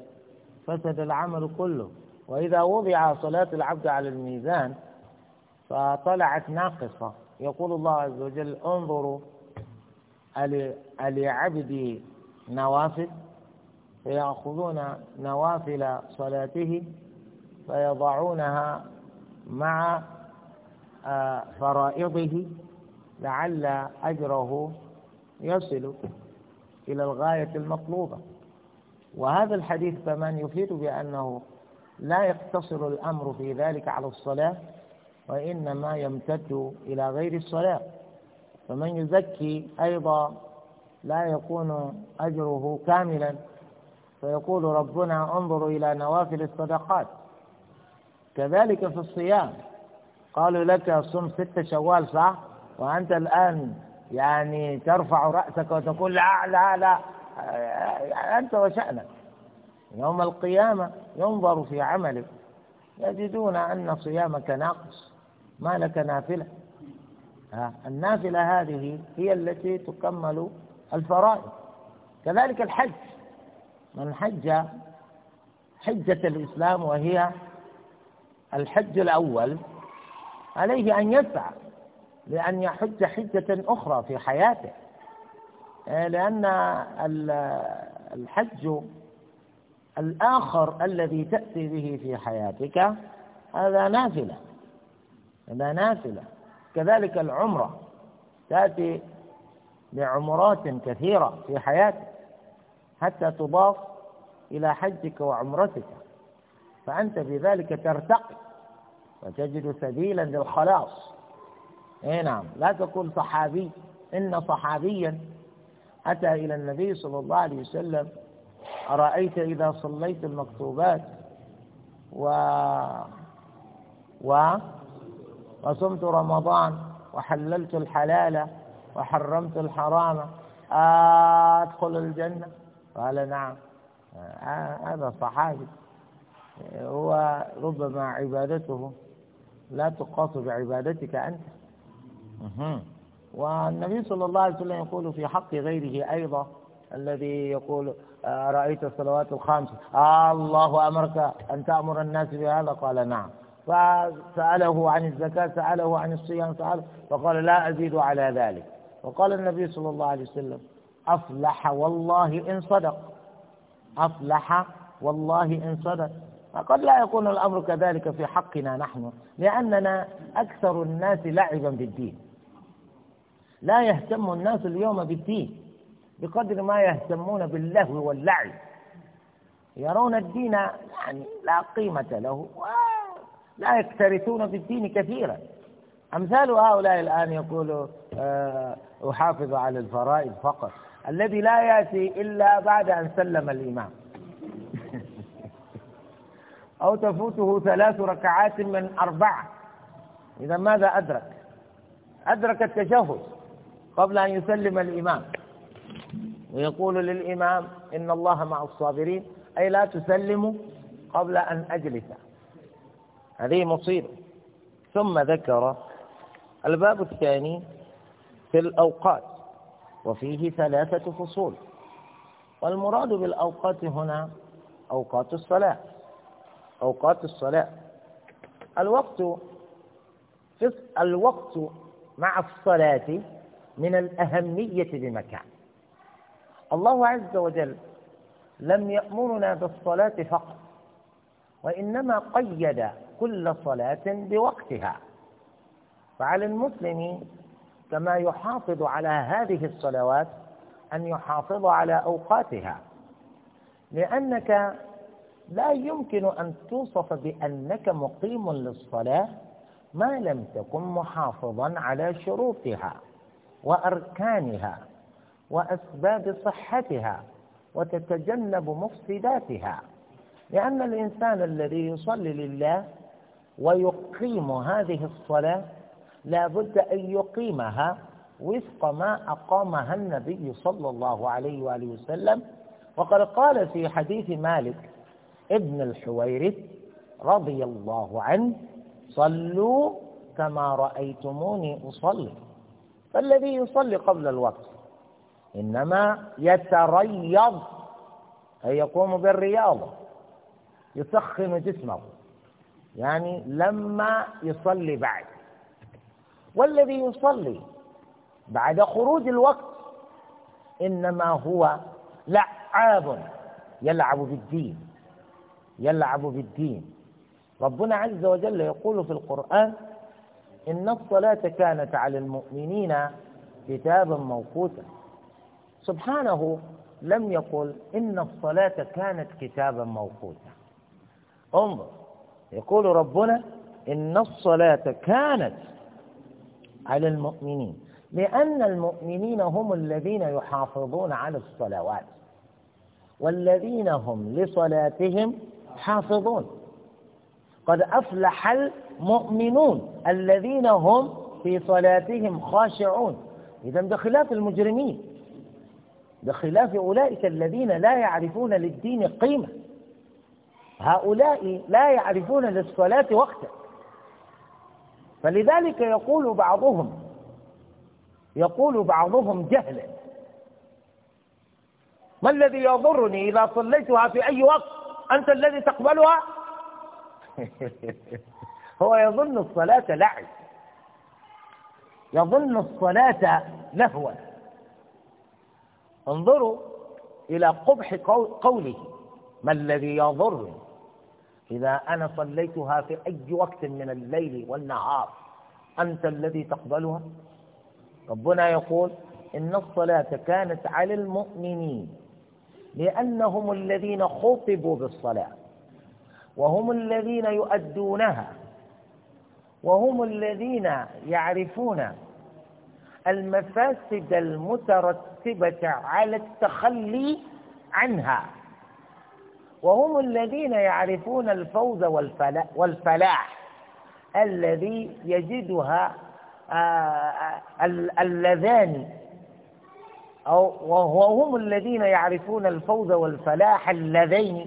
فسد العمل كله وإذا وضع صلاة العبد على الميزان فطلعت ناقصة يقول الله عز وجل انظروا لعبدي نوافل فيأخذون نوافل صلاته فيضعونها مع آه، فرائضه لعل أجره يصل إلى الغاية المطلوبة وهذا الحديث كمان يفيد بأنه لا يقتصر الأمر في ذلك على الصلاة وإنما يمتد إلى غير الصلاة فمن يزكي أيضا لا يكون أجره كاملا فيقول ربنا انظر إلى نوافل الصدقات كذلك في الصيام قالوا لك صم ست شوال صح وأنت الآن يعني ترفع رأسك وتقول لا لا لا أنت وشأنك يوم القيامة ينظر في عملك يجدون أن صيامك ناقص ما لك نافلة النافلة هذه هي التي تكمل الفرائض كذلك الحج من حج حجة الإسلام وهي الحج الأول عليه أن يسعى لأن يحج حجة أخرى في حياته آه، لأن الحج الآخر الذي تأتي به في حياتك هذا نافلة هذا نافلة كذلك العمرة تأتي بعمرات كثيرة في حياتك حتى تضاف إلى حجك وعمرتك فأنت بذلك ترتقي وتجد سبيلا للخلاص اي نعم لا تقول صحابي إن صحابيا أتى إلى النبي صلى الله عليه وسلم أرأيت إذا صليت المكتوبات و و وصمت رمضان وحللت الحلال وحرمت الحرام أدخل الجنة قال نعم هذا صحابي هو ربما عبادته لا تقاس بعبادتك أنت والنبي صلى الله عليه وسلم يقول في حق غيره أيضا الذي يقول آه، رأيت الصلوات الخمس آه الله أمرك أن تأمر الناس بهذا قال نعم فسأله عن الزكاة سأله عن الصيام سأله فقال لا أزيد على ذلك وقال النبي صلى الله عليه وسلم أفلح والله إن صدق أفلح والله إن صدق فقد لا يكون الأمر كذلك في حقنا نحن لأننا أكثر الناس لعبا بالدين لا يهتم الناس اليوم بالدين بقدر ما يهتمون باللهو واللعب يرون الدين يعني لا قيمة له لا يكترثون بالدين كثيرا أمثال هؤلاء الآن يقول آه، أحافظ على الفرائض فقط الذي لا يأتي إلا بعد أن سلم الإمام أو تفوته ثلاث ركعات من أربعة إذا ماذا أدرك أدرك التشهد قبل أن يسلم الإمام ويقول للإمام إن الله مع الصابرين أي لا تسلموا قبل أن أجلس هذه مصيبة ثم ذكر الباب الثاني في الأوقات وفيه ثلاثة فصول والمراد بالأوقات هنا أوقات الصلاة أوقات الصلاة الوقت في الوقت مع الصلاة من الأهمية بمكان الله عز وجل لم يأمرنا بالصلاة فقط وإنما قيد كل صلاة بوقتها فعلى المسلم كما يحافظ على هذه الصلوات أن يحافظ على أوقاتها لأنك لا يمكن أن توصف بأنك مقيم للصلاة ما لم تكن محافظا على شروطها وأركانها وأسباب صحتها وتتجنب مفسداتها لأن الإنسان الذي يصلي لله ويقيم هذه الصلاة لا بد أن يقيمها وفق ما أقامها النبي صلى الله عليه وآله وسلم وقد قال في حديث مالك ابن الحويرث رضي الله عنه صلوا كما رأيتموني أصلي فالذي يصلي قبل الوقت إنما يتريض أي يقوم بالرياضة يسخن جسمه يعني لما يصلي بعد والذي يصلي بعد خروج الوقت إنما هو لعاب يلعب بالدين يلعب بالدين ربنا عز وجل يقول في القرآن إن الصلاة كانت على المؤمنين كتابا موقوتا سبحانه لم يقل إن الصلاة كانت كتابا موقوتا انظر يقول ربنا إن الصلاة كانت على المؤمنين لأن المؤمنين هم الذين يحافظون على الصلوات والذين هم لصلاتهم حافظون قد أفلح المؤمنون الذين هم في صلاتهم خاشعون إذا بخلاف المجرمين بخلاف أولئك الذين لا يعرفون للدين قيمة هؤلاء لا يعرفون للصلاة وقتا فلذلك يقول بعضهم يقول بعضهم جهلا ما الذي يضرني إذا صليتها في أي وقت أنت الذي تقبلها هو يظن الصلاة لعب يظن الصلاة لهوا انظروا إلى قبح قوله ما الذي يضرني إذا أنا صليتها في أي وقت من الليل والنهار أنت الذي تقبلها ربنا يقول إن الصلاة كانت على المؤمنين لأنهم الذين خطبوا بالصلاة وهم الذين يؤدونها وهم الذين يعرفون المفاسد المترتبة على التخلي عنها وهم الذين يعرفون الفوز والفلاح الذي يجدها آه، آه، اللذان أو وهم الذين يعرفون الفوز والفلاح اللذين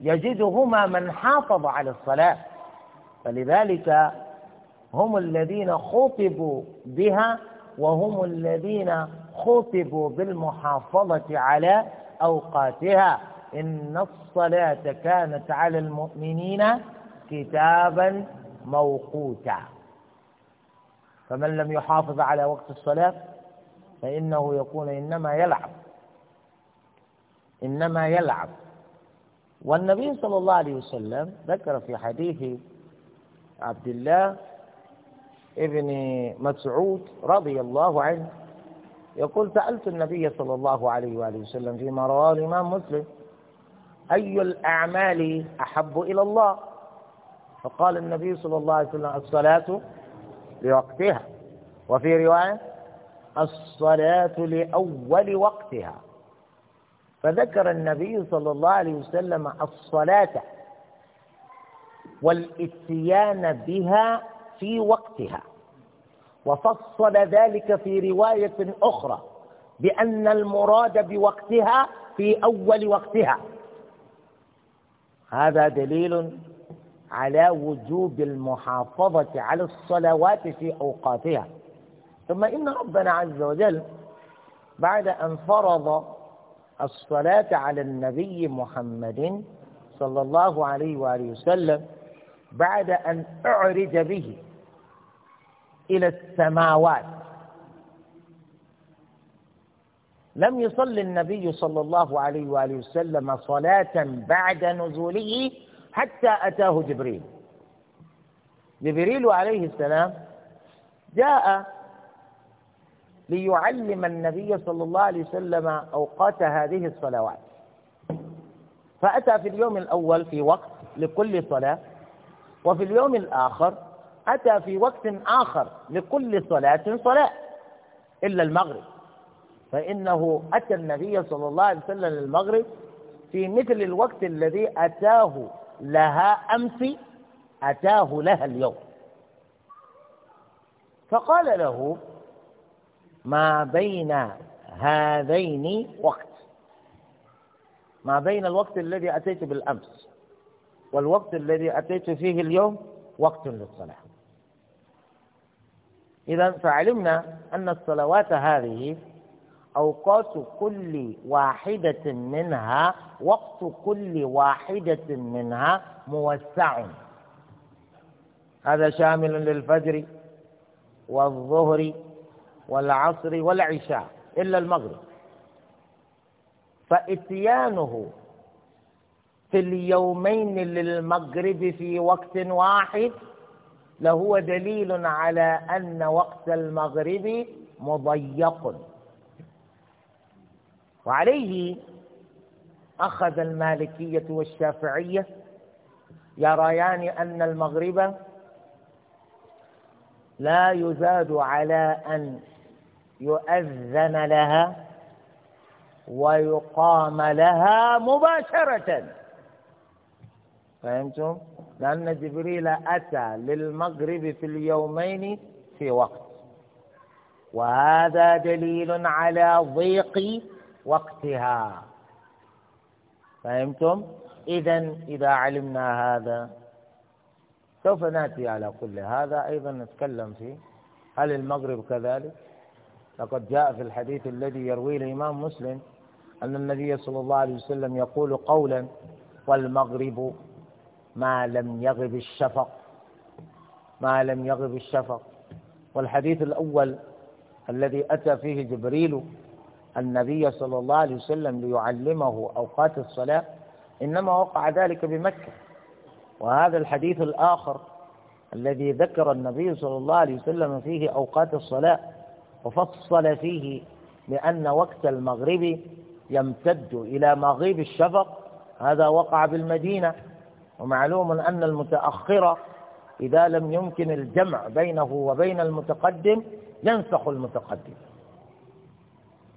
يجدهما من حافظ على الصلاة فلذلك هم الذين خطبوا بها وهم الذين خطبوا بالمحافظة على أوقاتها إن الصلاة كانت على المؤمنين كتابا موقوتا فمن لم يحافظ على وقت الصلاة فإنه يكون إنما يلعب إنما يلعب والنبي صلى الله عليه وسلم ذكر في حديث عبد الله ابن مسعود رضي الله عنه يقول سألت النبي صلى الله عليه وآله وسلم فيما رواه الإمام مسلم أي الأعمال أحب إلى الله فقال النبي صلى الله عليه وسلم الصلاة لوقتها وفي رواية الصلاة لأول وقتها فذكر النبي صلى الله عليه وسلم الصلاة والاتيان بها في وقتها وفصل ذلك في رواية أخرى بأن المراد بوقتها في أول وقتها هذا دليل على وجوب المحافظة على الصلوات في أوقاتها ثم إن ربنا عز وجل بعد أن فرض الصلاة على النبي محمد صلى الله عليه وآله وسلم بعد أن أعرج به إلى السماوات لم يصل النبي صلى الله عليه وآله وسلم صلاة بعد نزوله حتى أتاه جبريل جبريل عليه السلام جاء ليعلم النبي صلى الله عليه وسلم أوقات هذه الصلوات فأتى في اليوم الأول في وقت لكل صلاة وفي اليوم الآخر أتى في وقت آخر لكل صلاة صلاة إلا المغرب فإنه أتى النبي صلى الله عليه وسلم المغرب في مثل الوقت الذي أتاه لها أمس أتاه لها اليوم فقال له ما بين هذين وقت ما بين الوقت الذي أتيت بالأمس والوقت الذي أتيت فيه اليوم وقت للصلاة إذا فعلمنا أن الصلوات هذه أوقات كل واحدة منها وقت كل واحدة منها موسع هذا شامل للفجر والظهر والعصر والعشاء إلا المغرب فإتيانه في اليومين للمغرب في وقت واحد لهو دليل على أن وقت المغرب مضيق وعليه أخذ المالكية والشافعية يريان أن المغرب لا يزاد على أن يؤذن لها ويقام لها مباشرة فهمتم؟ لأن جبريل أتى للمغرب في اليومين في وقت وهذا دليل على ضيق وقتها فهمتم؟ إذا إذا علمنا هذا سوف نأتي على كل هذا أيضا نتكلم فيه هل المغرب كذلك؟ لقد جاء في الحديث الذي يرويه الإمام مسلم أن النبي صلى الله عليه وسلم يقول قولا والمغرب ما لم يغب الشفق ما لم يغب الشفق والحديث الأول الذي أتى فيه جبريل النبي صلى الله عليه وسلم ليعلمه أوقات الصلاة إنما وقع ذلك بمكة وهذا الحديث الآخر الذي ذكر النبي صلى الله عليه وسلم فيه أوقات الصلاة وفصل فيه لأن وقت المغرب يمتد إلى مغيب الشفق هذا وقع بالمدينة ومعلوم أن المتأخر إذا لم يمكن الجمع بينه وبين المتقدم ينسخ المتقدم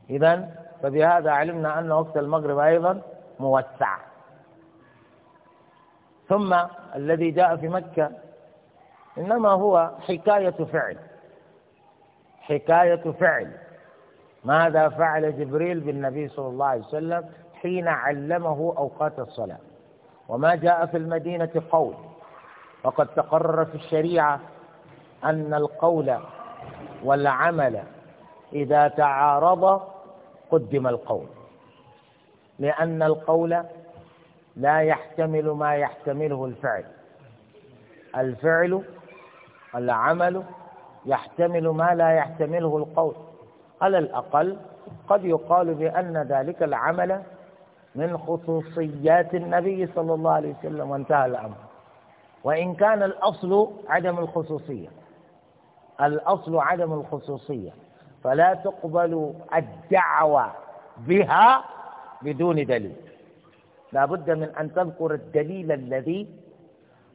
إذا فبهذا علمنا أن وقت المغرب أيضا موسع ثم الذي جاء في مكة إنما هو حكاية فعل حكاية فعل ماذا فعل جبريل بالنبي صلى الله عليه وسلم حين علمه أوقات الصلاة وما جاء في المدينة قول وقد تقرر في الشريعة أن القول والعمل إذا تعارض قدم القول لأن القول لا يحتمل ما يحتمله الفعل الفعل العمل يحتمل ما لا يحتمله القول على الأقل قد يقال بأن ذلك العمل من خصوصيات النبي صلى الله عليه وسلم وانتهى الأمر وإن كان الأصل عدم الخصوصية الأصل عدم الخصوصية فلا تقبل الدعوة بها بدون دليل لا بد من أن تذكر الدليل الذي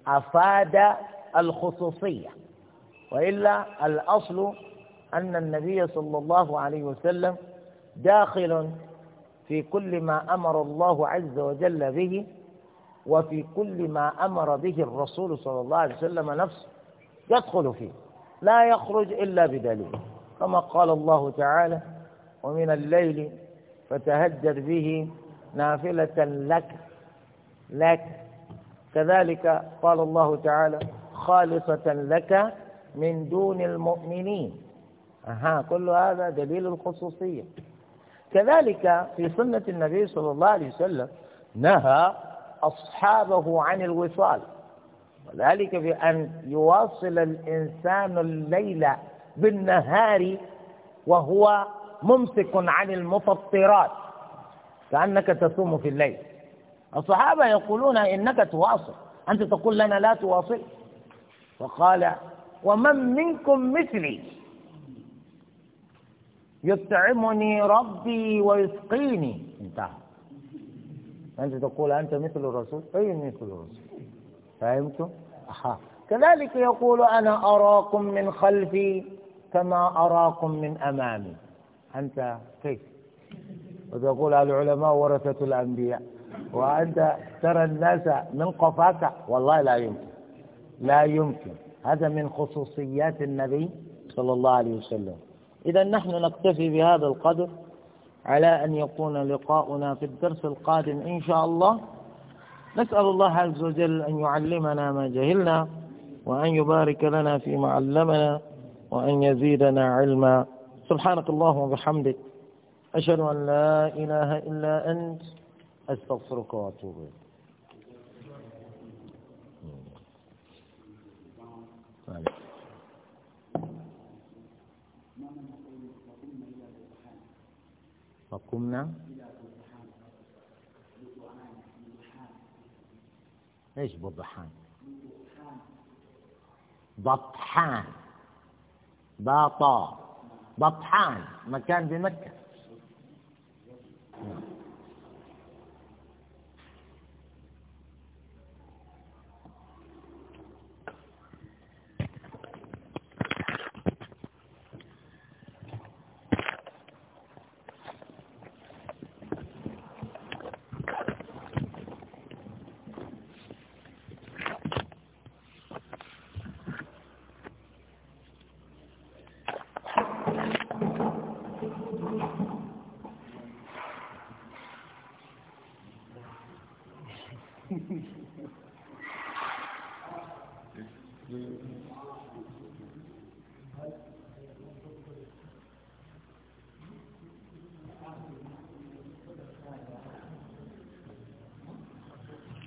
أفاد الخصوصية وإلا الأصل أن النبي صلى الله عليه وسلم داخل في كل ما أمر الله عز وجل به وفي كل ما أمر به الرسول صلى الله عليه وسلم نفسه يدخل فيه لا يخرج إلا بدليل كما قال الله تعالى ومن الليل فتهجد به نافلة لك لك كذلك قال الله تعالى خالصة لك من دون المؤمنين أها كل هذا دليل الخصوصية كذلك في سنة النبي صلى الله عليه وسلم نهى أصحابه عن الوصال وذلك بأن يواصل الإنسان الليل بالنهار وهو ممسك عن المفطرات كأنك تصوم في الليل الصحابة يقولون إنك تواصل أنت تقول لنا لا تواصل فقال ومن منكم مثلي يطعمني ربي ويسقيني انتهى أنت تقول أنت مثل الرسول أي مثل الرسول فهمتم؟ أها كذلك يقول أنا أراكم من خلفي كما أراكم من أمامي أنت كيف؟ وتقول العلماء ورثة الأنبياء وأنت ترى الناس من قفاك والله لا يمكن لا يمكن هذا من خصوصيات النبي صلى الله عليه وسلم إذا نحن نكتفي بهذا القدر على أن يكون لقاؤنا في الدرس القادم إن شاء الله نسأل الله عز وجل أن يعلمنا ما جهلنا وأن يبارك لنا فيما علمنا وأن يزيدنا علما سبحانك اللهم وبحمدك أشهد أن لا إله إلا أنت أستغفرك وأتوب إليك فقمنا ايش بضحان بطحان باطا بطحان مكان بمكة نعم